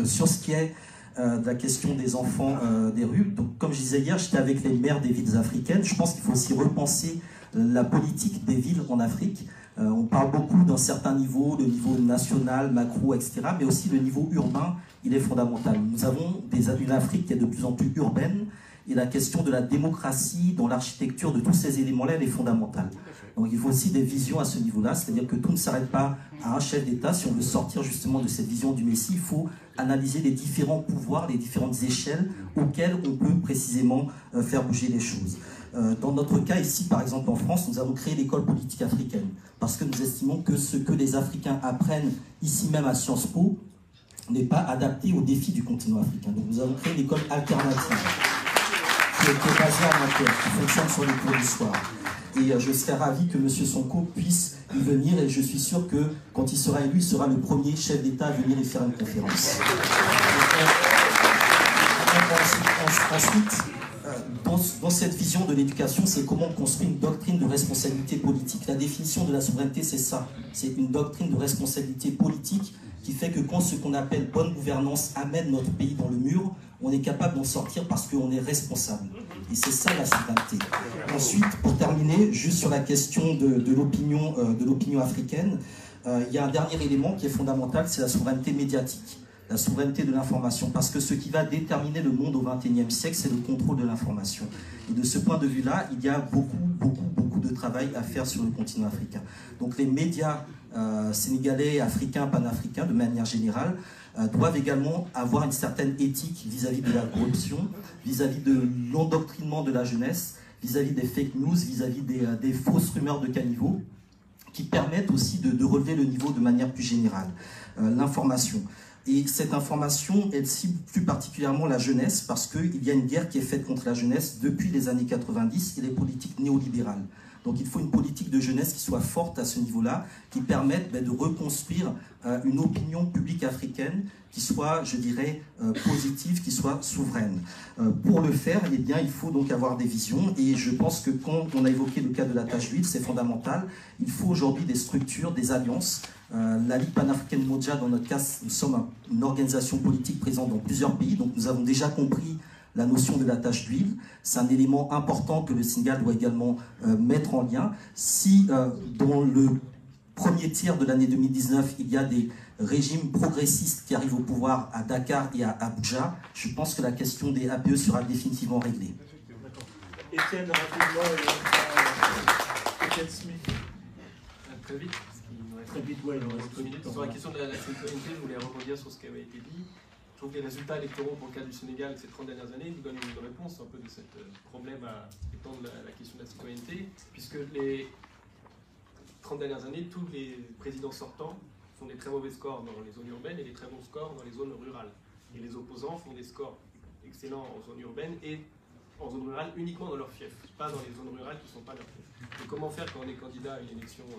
sur ce qui est de la question des enfants des rues, donc, comme je disais hier, j'étais avec les maires des villes africaines. Je pense qu'il faut aussi repenser la politique des villes en Afrique. on parle beaucoup d'un certain niveau, le niveau national, macro, etc., mais aussi le niveau urbain, il est fondamental. Nous avons des, une Afrique qui est de plus en plus urbaine, et la question de la démocratie dans l'architecture de tous ces éléments-là, elle est fondamentale. Donc il faut aussi des visions à ce niveau-là, c'est-à-dire que tout ne s'arrête pas à un chef d'État. Si on veut sortir justement de cette vision du Messie, il faut analyser les différents pouvoirs, les différentes échelles auxquelles on peut précisément euh, faire bouger les choses. Euh, dans notre cas ici, par exemple en France, nous avons créé l'école politique africaine, parce que nous estimons que ce que les Africains apprennent ici même à Sciences Po n'est pas adapté aux défis du continent africain. Donc nous avons créé l'école alternative fonctionne sur les cours du soir. Et euh, je serais ravi que M. Sonko puisse y venir et je suis sûr que quand il sera élu, il sera le premier chef d'État à venir y faire une conférence. Euh, ensuite, euh, dans, cette vision de l'éducation, c'est comment on une doctrine de responsabilité politique. La définition de la souveraineté, c'est ça. C'est une doctrine de responsabilité politique qui fait que quand ce qu'on appelle bonne gouvernance amène notre pays dans le mur, on est capable d'en sortir parce qu'on est responsable. Et c'est ça la souveraineté. Ensuite, pour terminer, juste sur la question de, de l'opinion euh, africaine, euh, il y a un dernier élément qui est fondamental, c'est la souveraineté médiatique, la souveraineté de l'information. Parce que ce qui va déterminer le monde au XXIe siècle, c'est le contrôle de l'information. Et de ce point de vue-là, il y a beaucoup, beaucoup, beaucoup de travail à faire sur le continent africain. Donc les médias euh, sénégalais, africains, panafricains, de manière générale, euh, doivent également avoir une certaine éthique vis-à-vis de la corruption, vis-à-vis de l'endoctrinement de la jeunesse, vis-à-vis des fake news, vis-à-vis des, euh, fausses rumeurs de caniveau, qui permettent aussi de, relever le niveau de manière plus générale, l'information. Et cette information, elle cible plus particulièrement la jeunesse, parce qu'il y a une guerre qui est faite contre la jeunesse depuis les années 90 et les politiques néolibérales. Donc il faut une politique de jeunesse qui soit forte à ce niveau-là, qui permette ben, de reconstruire euh, une opinion publique africaine qui soit, je dirais, euh, positive, qui soit souveraine. Euh, pour le faire, eh bien, il faut donc avoir des visions, et je pense que quand on a évoqué le cas de la tâche 8, c'est fondamental. Il faut aujourd'hui des structures, des alliances. la Ligue panafricaine Moja, dans notre cas, nous sommes une organisation politique présente dans plusieurs pays, donc nous avons déjà compris la notion de la tâche d'huile. C'est un élément important que le Sénégal doit également euh, mettre en lien. Si euh, dans le premier tiers de l'année 2019, il y a des régimes progressistes qui arrivent au pouvoir à Dakar et à Abuja, je pense que la question des APE sera définitivement réglée. Étienne, rapidement, euh, Très vite, très vite, Sur la question de la, rebondir sur ce qui avait été dit. Donc les résultats électoraux pour le cas du Sénégal ces 30 dernières années nous donnent une réponse un peu de ce euh, problème à étendre la, question de la citoyenneté, puisque les 30 dernières années, tous les présidents sortants font des très mauvais scores dans les zones urbaines et des très bons scores dans les zones rurales. Et les opposants font des scores excellents en zone urbaine et en zone rurale uniquement dans leur fief, pas dans les zones rurales qui ne sont pas leur fief. Et comment faire quand on est candidat à une élection euh,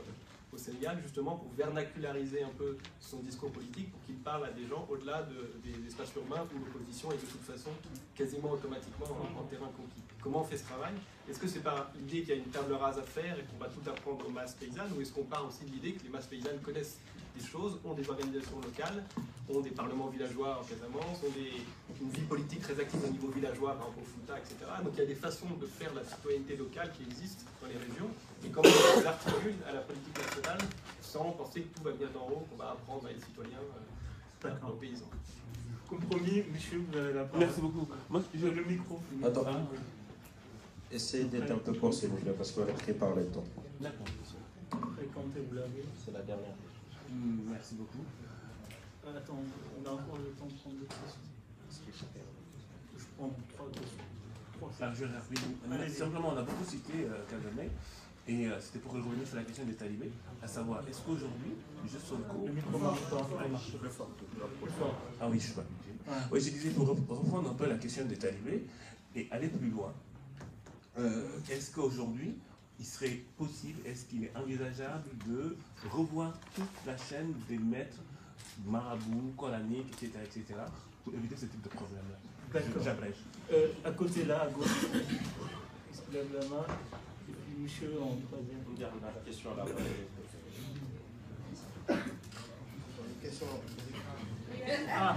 au Sénégal, justement pour vernaculariser un peu son discours politique, pour qu'il parle à des gens au-delà des espaces urbains où l'opposition est de toute façon quasiment automatiquement en, en terrain conquis. Comment on fait ce travail Est-ce que c'est par l'idée qu'il y a une table rase à faire et qu'on va tout apprendre aux masses paysannes, ou est-ce qu'on part aussi de l'idée que les masses paysannes connaissent des choses, ont des organisations locales, ont des parlements villageois en Casamance, ont une vie politique très active au niveau villageois, par exemple Fouta, etc. Donc il y a des façons de faire la citoyenneté locale qui existent dans les régions, et comment on l'articule à la politique nationale sans penser que tout va venir d'en haut, qu'on va apprendre à être citoyen, euh, aux paysans. Compromis, monsieur, vous avez la parole. Merci beaucoup. Moi, j'ai le micro. Attends. Ah, Essayez d'être un peu court, s'il parce qu'on est pris par le temps. D'accord. C'est la dernière. Merci beaucoup. Euh, attends, on a encore le temps de prendre deux questions. Je prends trois questions. Ah, je Simplement, on a beaucoup cité Kagame. Euh, et euh, c'était pour revenir sur la question des talibés, à savoir, est-ce qu'aujourd'hui, juste sur le coup... Ah oui, je suis pas. Oui, je disais, pour reprendre un peu la question des talibés et aller plus loin, euh, est-ce qu'aujourd'hui, il serait possible, est-ce qu'il est envisageable de revoir toute la chaîne des maîtres marabouts, colaniques, etc., etc., pour éviter ce type de problème-là J'abrège. Euh, à côté là, à gauche, il lève la main. Et puis monsieur en troisième. garde la question là. Question. Ah.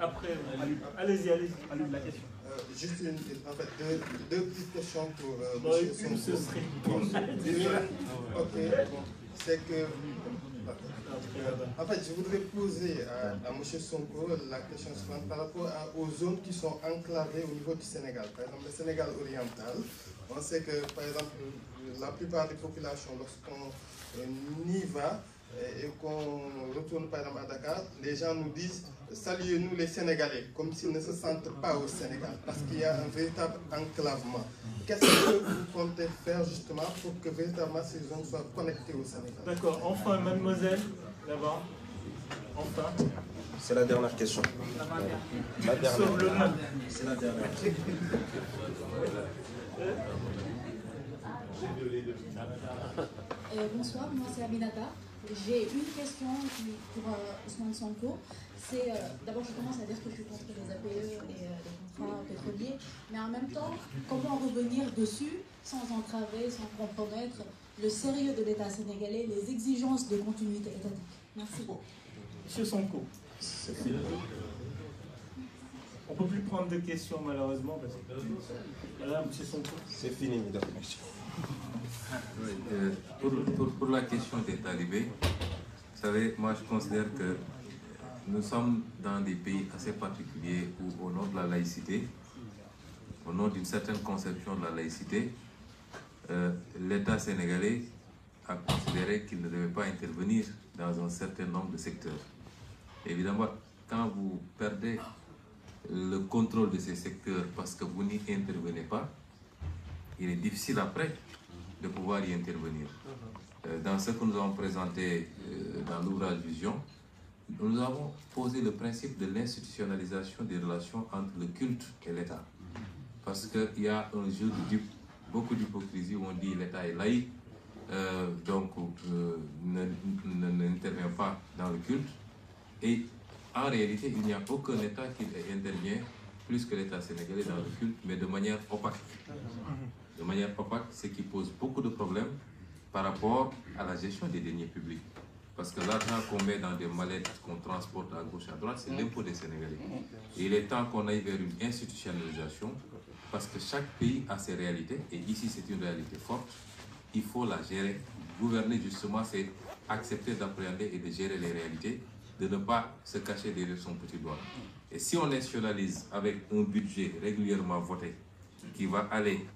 après, allez-y, allez-y, Allume la question. Euh, juste une, en fait, deux, petites questions pour euh, M. Sonko. ok, c'est que... en fait, je voudrais poser à, M. Sonko la question suivante par rapport aux zones qui sont enclavées au niveau du Sénégal. Par exemple, le Sénégal oriental, on sait que, par exemple, la plupart des populations, lorsqu'on euh, y va, et, qu'on retourne par la à les gens nous disent saluez-nous les Sénégalais, comme s'ils ne se sentent pas au Sénégal, parce qu'il y a un véritable enclavement. Qu'est-ce que vous comptez faire justement pour que véritablement ces gens soient connectés au Sénégal D'accord, enfin, mademoiselle, d'abord. enfin. C'est la dernière question. La dernière. C'est la dernière. Euh, bonsoir, moi c'est Abinata. J'ai une question pour euh, Ousmane Sanko. C'est euh, d'abord, je commence à dire que je suis contre les APE et euh, les contrats pétroliers, mais en même temps, comment revenir dessus sans entraver, sans compromettre le sérieux de l'État sénégalais, les exigences de continuité étatique Merci. Monsieur Sanko. On ne peut plus prendre de questions malheureusement. Parce que... Monsieur Sanko. C'est fini, mesdames euh, pour, la question des talibés, vous savez, moi je considère que nous sommes dans des pays assez particuliers où, au nom de la laïcité, au nom d'une certaine conception de la laïcité, euh, l'État sénégalais a considéré qu'il ne devait pas intervenir dans un certain nombre de secteurs. Évidemment, quand vous perdez le contrôle de ces secteurs parce que vous n'y intervenez pas, il est difficile après de pouvoir y intervenir. Mhm. Euh, dans ce que nous avons présenté euh, dans l'ouvrage Vision, nous avons posé le principe de l'institutionnalisation des relations entre le culte et l'État. Mhm. Parce qu'il y a un jeu de beaucoup d'hypocrisie où on dit l'État est laïque, euh, donc euh, n'intervient pas dans le culte. Et en réalité, il n'y a aucun État qui intervient plus que l'État sénégalais dans le culte, mais de manière opaque. Mhm de manière opaque, ce qui pose beaucoup de problèmes par rapport à la gestion des deniers publics. Parce que l'argent qu'on met dans des mallettes qu'on transporte à gauche à droite, c'est mm. l'impôt des Sénégalais. il est temps qu'on aille vers une institutionnalisation parce que chaque pays a ses réalités et ici c'est une réalité forte. Il faut la gérer. Gouverner justement, c'est accepter d'appréhender et de gérer les réalités, de ne pas se cacher derrière son petit doigt. Et si on nationalise avec un budget régulièrement voté qui va aller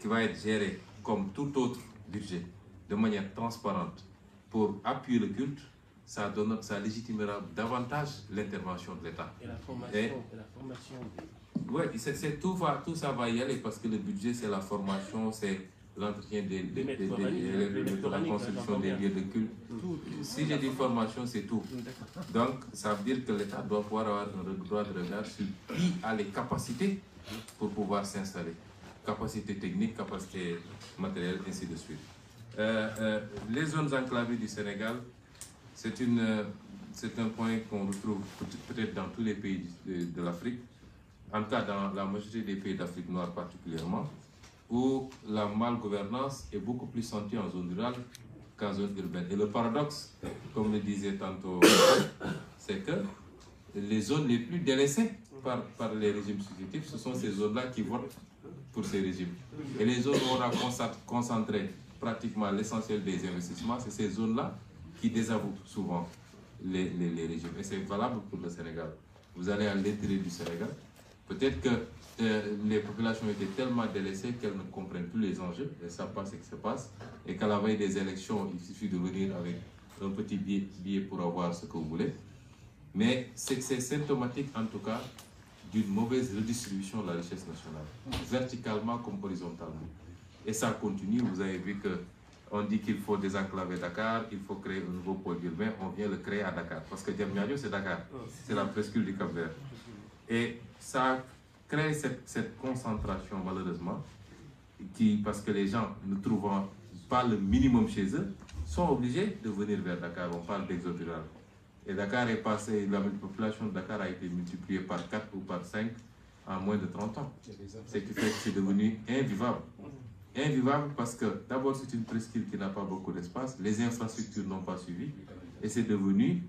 qui va être géré comme tout autre budget de manière transparente pour appuyer le culte, ça, donne, ça légitimera davantage l'intervention de l'État. Et la formation. Oui, c'est, tout, tout ça va y aller parce que le budget, c'est la formation, c'est l'entretien des, la construction des lieux de culte. si j'ai dit formation, c'est tout. Donc, ça veut dire que l'État doit pouvoir avoir un droit de regard sur qui a les capacités pour pouvoir s'installer capacité technique, capacité matérielle, ainsi de suite. Euh, euh, les zones enclavées du Sénégal, c'est un point qu'on retrouve peut-être dans tous les pays de, l'Afrique, en tout cas dans la majorité des pays d'Afrique noire particulièrement, où la malgouvernance est beaucoup plus sentie en zone rurale qu'en zone urbaine. Et le paradoxe, comme le disait tantôt, c'est que les zones les plus délaissées par, les régimes subjectifs, ce sont ces zones-là qui votent pour ces régimes. Et les zones où on a concentré pratiquement l'essentiel des investissements, c'est ces zones-là qui désavouent souvent les, les, régimes. Et c'est valable pour le Sénégal. Vous allez à l'intérieur du Sénégal, peut-être que euh, les populations étaient tellement délaissées qu'elles ne comprennent plus les enjeux, elles ne savent pas ce qui se passe, et qu'à la veille des élections, il suffit de venir avec un petit billet, billet pour avoir ce que vous voulez. Mais c'est symptomatique en tout cas d'une mauvaise redistribution de la richesse nationale, verticalement comme horizontalement. Et ça continue, vous avez vu que on dit qu'il faut désenclaver Dakar, il faut créer un nouveau pôle urbain, on vient le créer à Dakar. Parce que Diamniadio, c'est Dakar, c'est la presqu'île du Cap Vert. Et ça crée cette, concentration, malheureusement, qui, parce que les gens, ne trouvant pas le minimum chez eux, sont obligés de venir vers Dakar. On parle d'exode et Dakar est passé, la population de Dakar a été multipliée par 4 ou par 5 en moins de 30 ans. Ce qui fait que c'est devenu invivable. Invivable parce que d'abord c'est une presqu'île qui n'a pas beaucoup d'espace, les infrastructures n'ont pas suivi et c'est devenu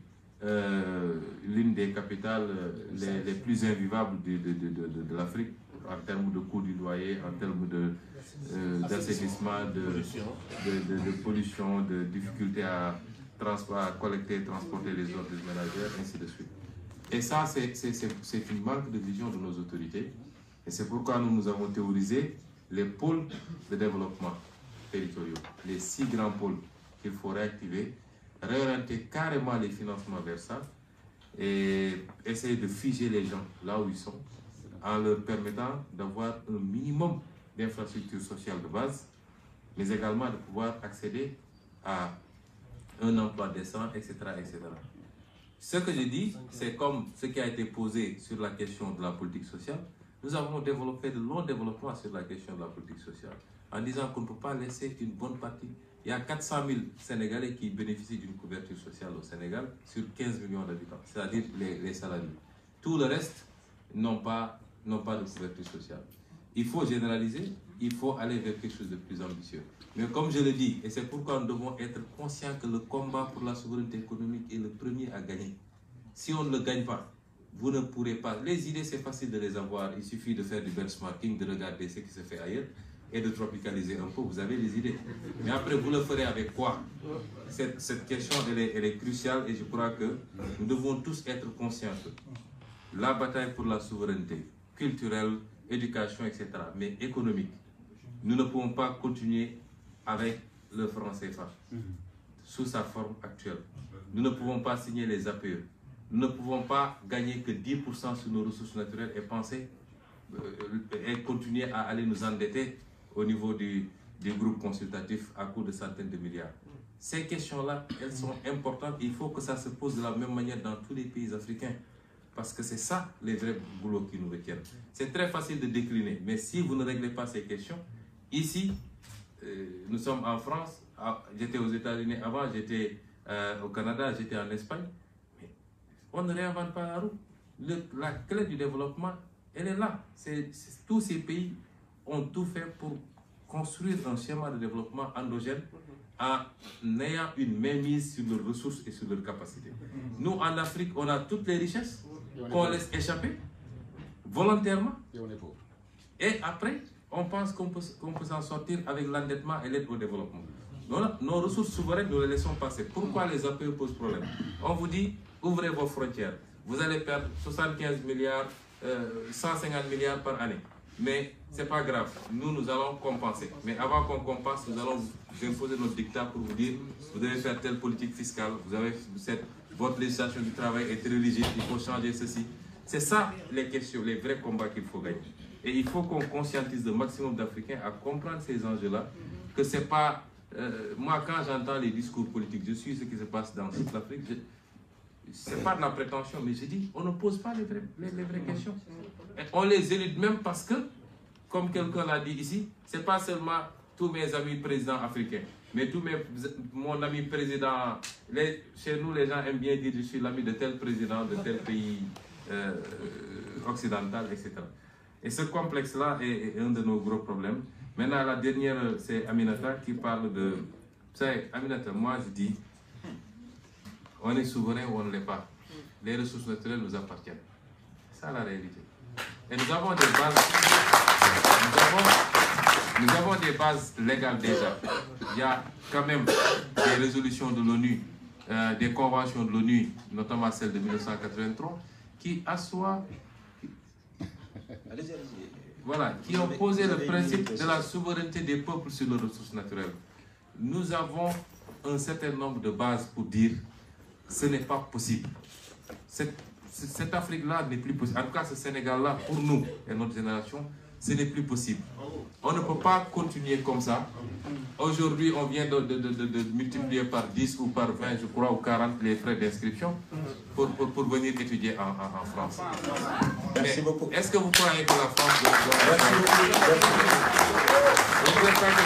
euh, l'une des capitales euh, les, plus invivables de, l'Afrique en termes de coût du loyer, en termes euh, d'assainissement, de, de, pollution, de difficultés à à collecter et transporter les ordres ordures ménagères, ainsi de suite. Et ça, c'est une manque de vision de nos autorités. Et c'est pourquoi nous, nous avons théorisé les pôles de développement territoriaux, les six grands pôles qu'il faut réactiver, réorienter carrément les financements vers ça et essayer de figer les gens là où ils sont en leur permettant d'avoir un minimum d'infrastructures sociales de base, mais également de pouvoir accéder à un emploi décent, etc. etc. Ce que je dis, c'est comme ce qui a été posé sur la question de la politique sociale. Nous avons développé de longs développements sur la question de la politique sociale, en disant qu'on ne peut pas laisser une bonne partie. Il y a 400 000 Sénégalais qui bénéficient d'une couverture sociale au Sénégal sur 15 millions d'habitants, c'est-à-dire les, salariés. Tout le reste n'ont pas, pas de couverture sociale. Il faut généraliser, il faut aller vers quelque chose de plus ambitieux. Mais comme je le dis, et c'est pourquoi nous devons être conscients que le combat pour la souveraineté économique est le premier à gagner. Si on ne le gagne pas, vous ne pourrez pas. Les idées, c'est facile de les avoir. Il suffit de faire du benchmarking, de regarder ce qui se fait ailleurs et de tropicaliser un peu. Vous avez les idées. Mais après, vous le ferez avec quoi cette, question, est, elle est cruciale et je crois que nous devons tous être conscients que la bataille pour la souveraineté culturelle, éducation, etc., mais économique, nous ne pouvons pas continuer avec le franc CFA mhm. sous sa forme actuelle. Nous ne pouvons pas signer les APE. Nous ne pouvons pas gagner que 10% sur nos ressources naturelles et penser euh, et continuer à aller nous endetter au niveau du, du groupe consultatif à coût de centaines de milliards. Ces questions-là, elles sont importantes. Il faut que ça se pose de la même manière dans tous les pays africains. Parce que c'est ça les vrais boulots qui nous retiennent. C'est très facile de décliner, mais si vous ne réglez pas ces questions, Ici, euh, nous sommes en France, ah, j'étais aux États-Unis avant, j'étais euh, au Canada, j'étais en Espagne. Mais on ne réinvente pas la roue. la clé du développement, elle est là. tous ces pays ont tout fait pour construire un schéma de développement endogène mm-hmm. en ayant une mainmise sur leurs ressources et sur leurs capacités. Mm-hmm. Nous, en Afrique, on a toutes les richesses qu'on laisse échapper volontairement. Et après, on pense qu'on peut, s'en sortir avec l'endettement et l'aide au développement. Nos, nos, ressources souveraines, nous les laissons passer. Pourquoi les APE posent problème On vous dit, ouvrez vos frontières. Vous allez perdre 75 milliards, 150 euh, milliards par année. Mais ce n'est pas grave. Nous, nous allons compenser. Mais avant qu'on compense, nous allons vous imposer notre dictat pour vous dire, vous devez faire telle politique fiscale, vous avez cette, votre législation du travail est très il faut changer ceci. C'est ça les questions, les vrais combats qu'il faut gagner. Et il faut qu'on conscientise le maximum d'Africains à comprendre ces enjeux-là, mhm. que c'est pas... Euh, moi, quand j'entends les discours politiques, je suis ce qui se passe dans toute l'Afrique, c'est pas de la prétention, mais je dis, on ne pose pas les vraies, mhm. questions. on les élude même parce que, comme quelqu'un l'a dit ici, c'est pas seulement tous mes amis présidents africains, mais tous mes, mon ami président, chez nous les gens aiment bien dire je suis l'ami de tel président de tel pays euh, occidental, etc. Et ce complexe-là est, un de nos gros problèmes. Maintenant, la dernière, c'est Aminata qui parle de... Vous savez, Aminata, moi je dis, on est souverain ou on ne l'est pas. Les ressources naturelles nous appartiennent. C'est ça la réalité. Et nous avons des bases... Nous avons, des bases légales déjà. Il y a quand même des résolutions de l'ONU euh, des conventions de l'ONU, notamment celle de 1983, qui assoient voilà, qui ont posé le principe de la souveraineté des peuples sur leurs ressources naturelles. Nous avons un certain nombre de bases pour dire ce n'est pas possible. cette Afrique-là n'est plus possible. En tout cas, ce Sénégal-là, pour nous et notre génération, ce n'est plus possible. On ne peut pas continuer comme ça. Aujourd'hui, on vient de, de, de, de, multiplier par 10 ou par 20, je crois, ou 40 les frais d'inscription pour, pour, pour, venir étudier en, en, France. Merci beaucoup. Est-ce que vous croyez que la France doit... Merci beaucoup. Vous croyez pas que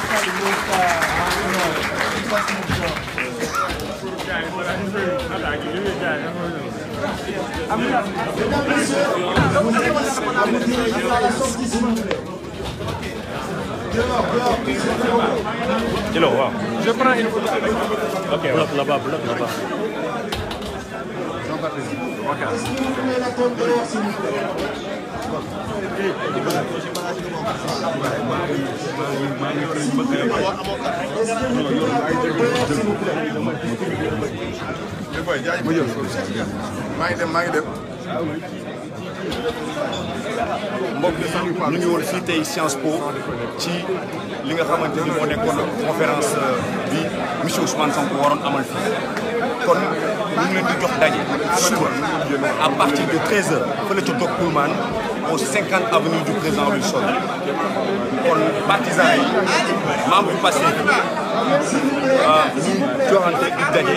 le la France Merci. Merci. Jëloo waaw. Je prends une photo. Ok, bloc là-bas, bloc là-bas. Jean-Baptiste, maa ngi dem maa ngi dem. mbokk ñu ngi woon fii tey Sciences Po ci li nga xamante ni moo nekkoon conférence bi monsieur Ousmane Sonko waroon amal fii. kon ñu ngi leen à partir de 13h fële le Dock Pullman au 50 avenue du président Wilson kon partisan yi membre yu Pastef euh, ñu joxante di daje.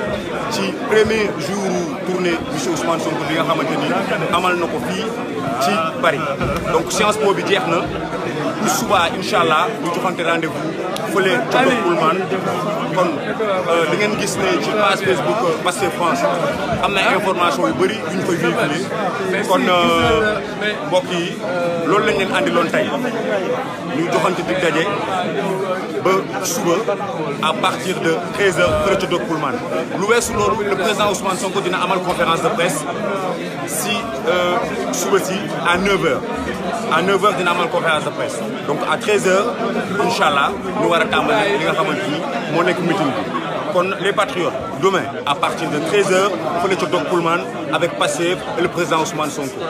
premier jour tournée monsieur Ousmane Sonko bi nga xamante ni amal na ko fii ci Paris donc Sciences Po bi jeex na bu subaa incha allah ñu joxante rendez-vous fële Thiodaud Pullman kon di euh, ngeen gis ne ci page Facebook euh, Pastef France am na information yu bëri yu ñu koy véhiculer kon euh, mbokk yi loolu lañ leen andiloon tey ñu joxante dig daje ba suba à partir de 13h fële Thiodaud Pullman lu wessu loolu le président Ousmane Sonko dina amal conférence de presse si euh, suba à 9h à 9h dina conférence de presse donc à 13h Inch'Allah nous allons les patriotes demain à partir de 13h pour les Dock Pullman avec passé et le président Ousmane Sonko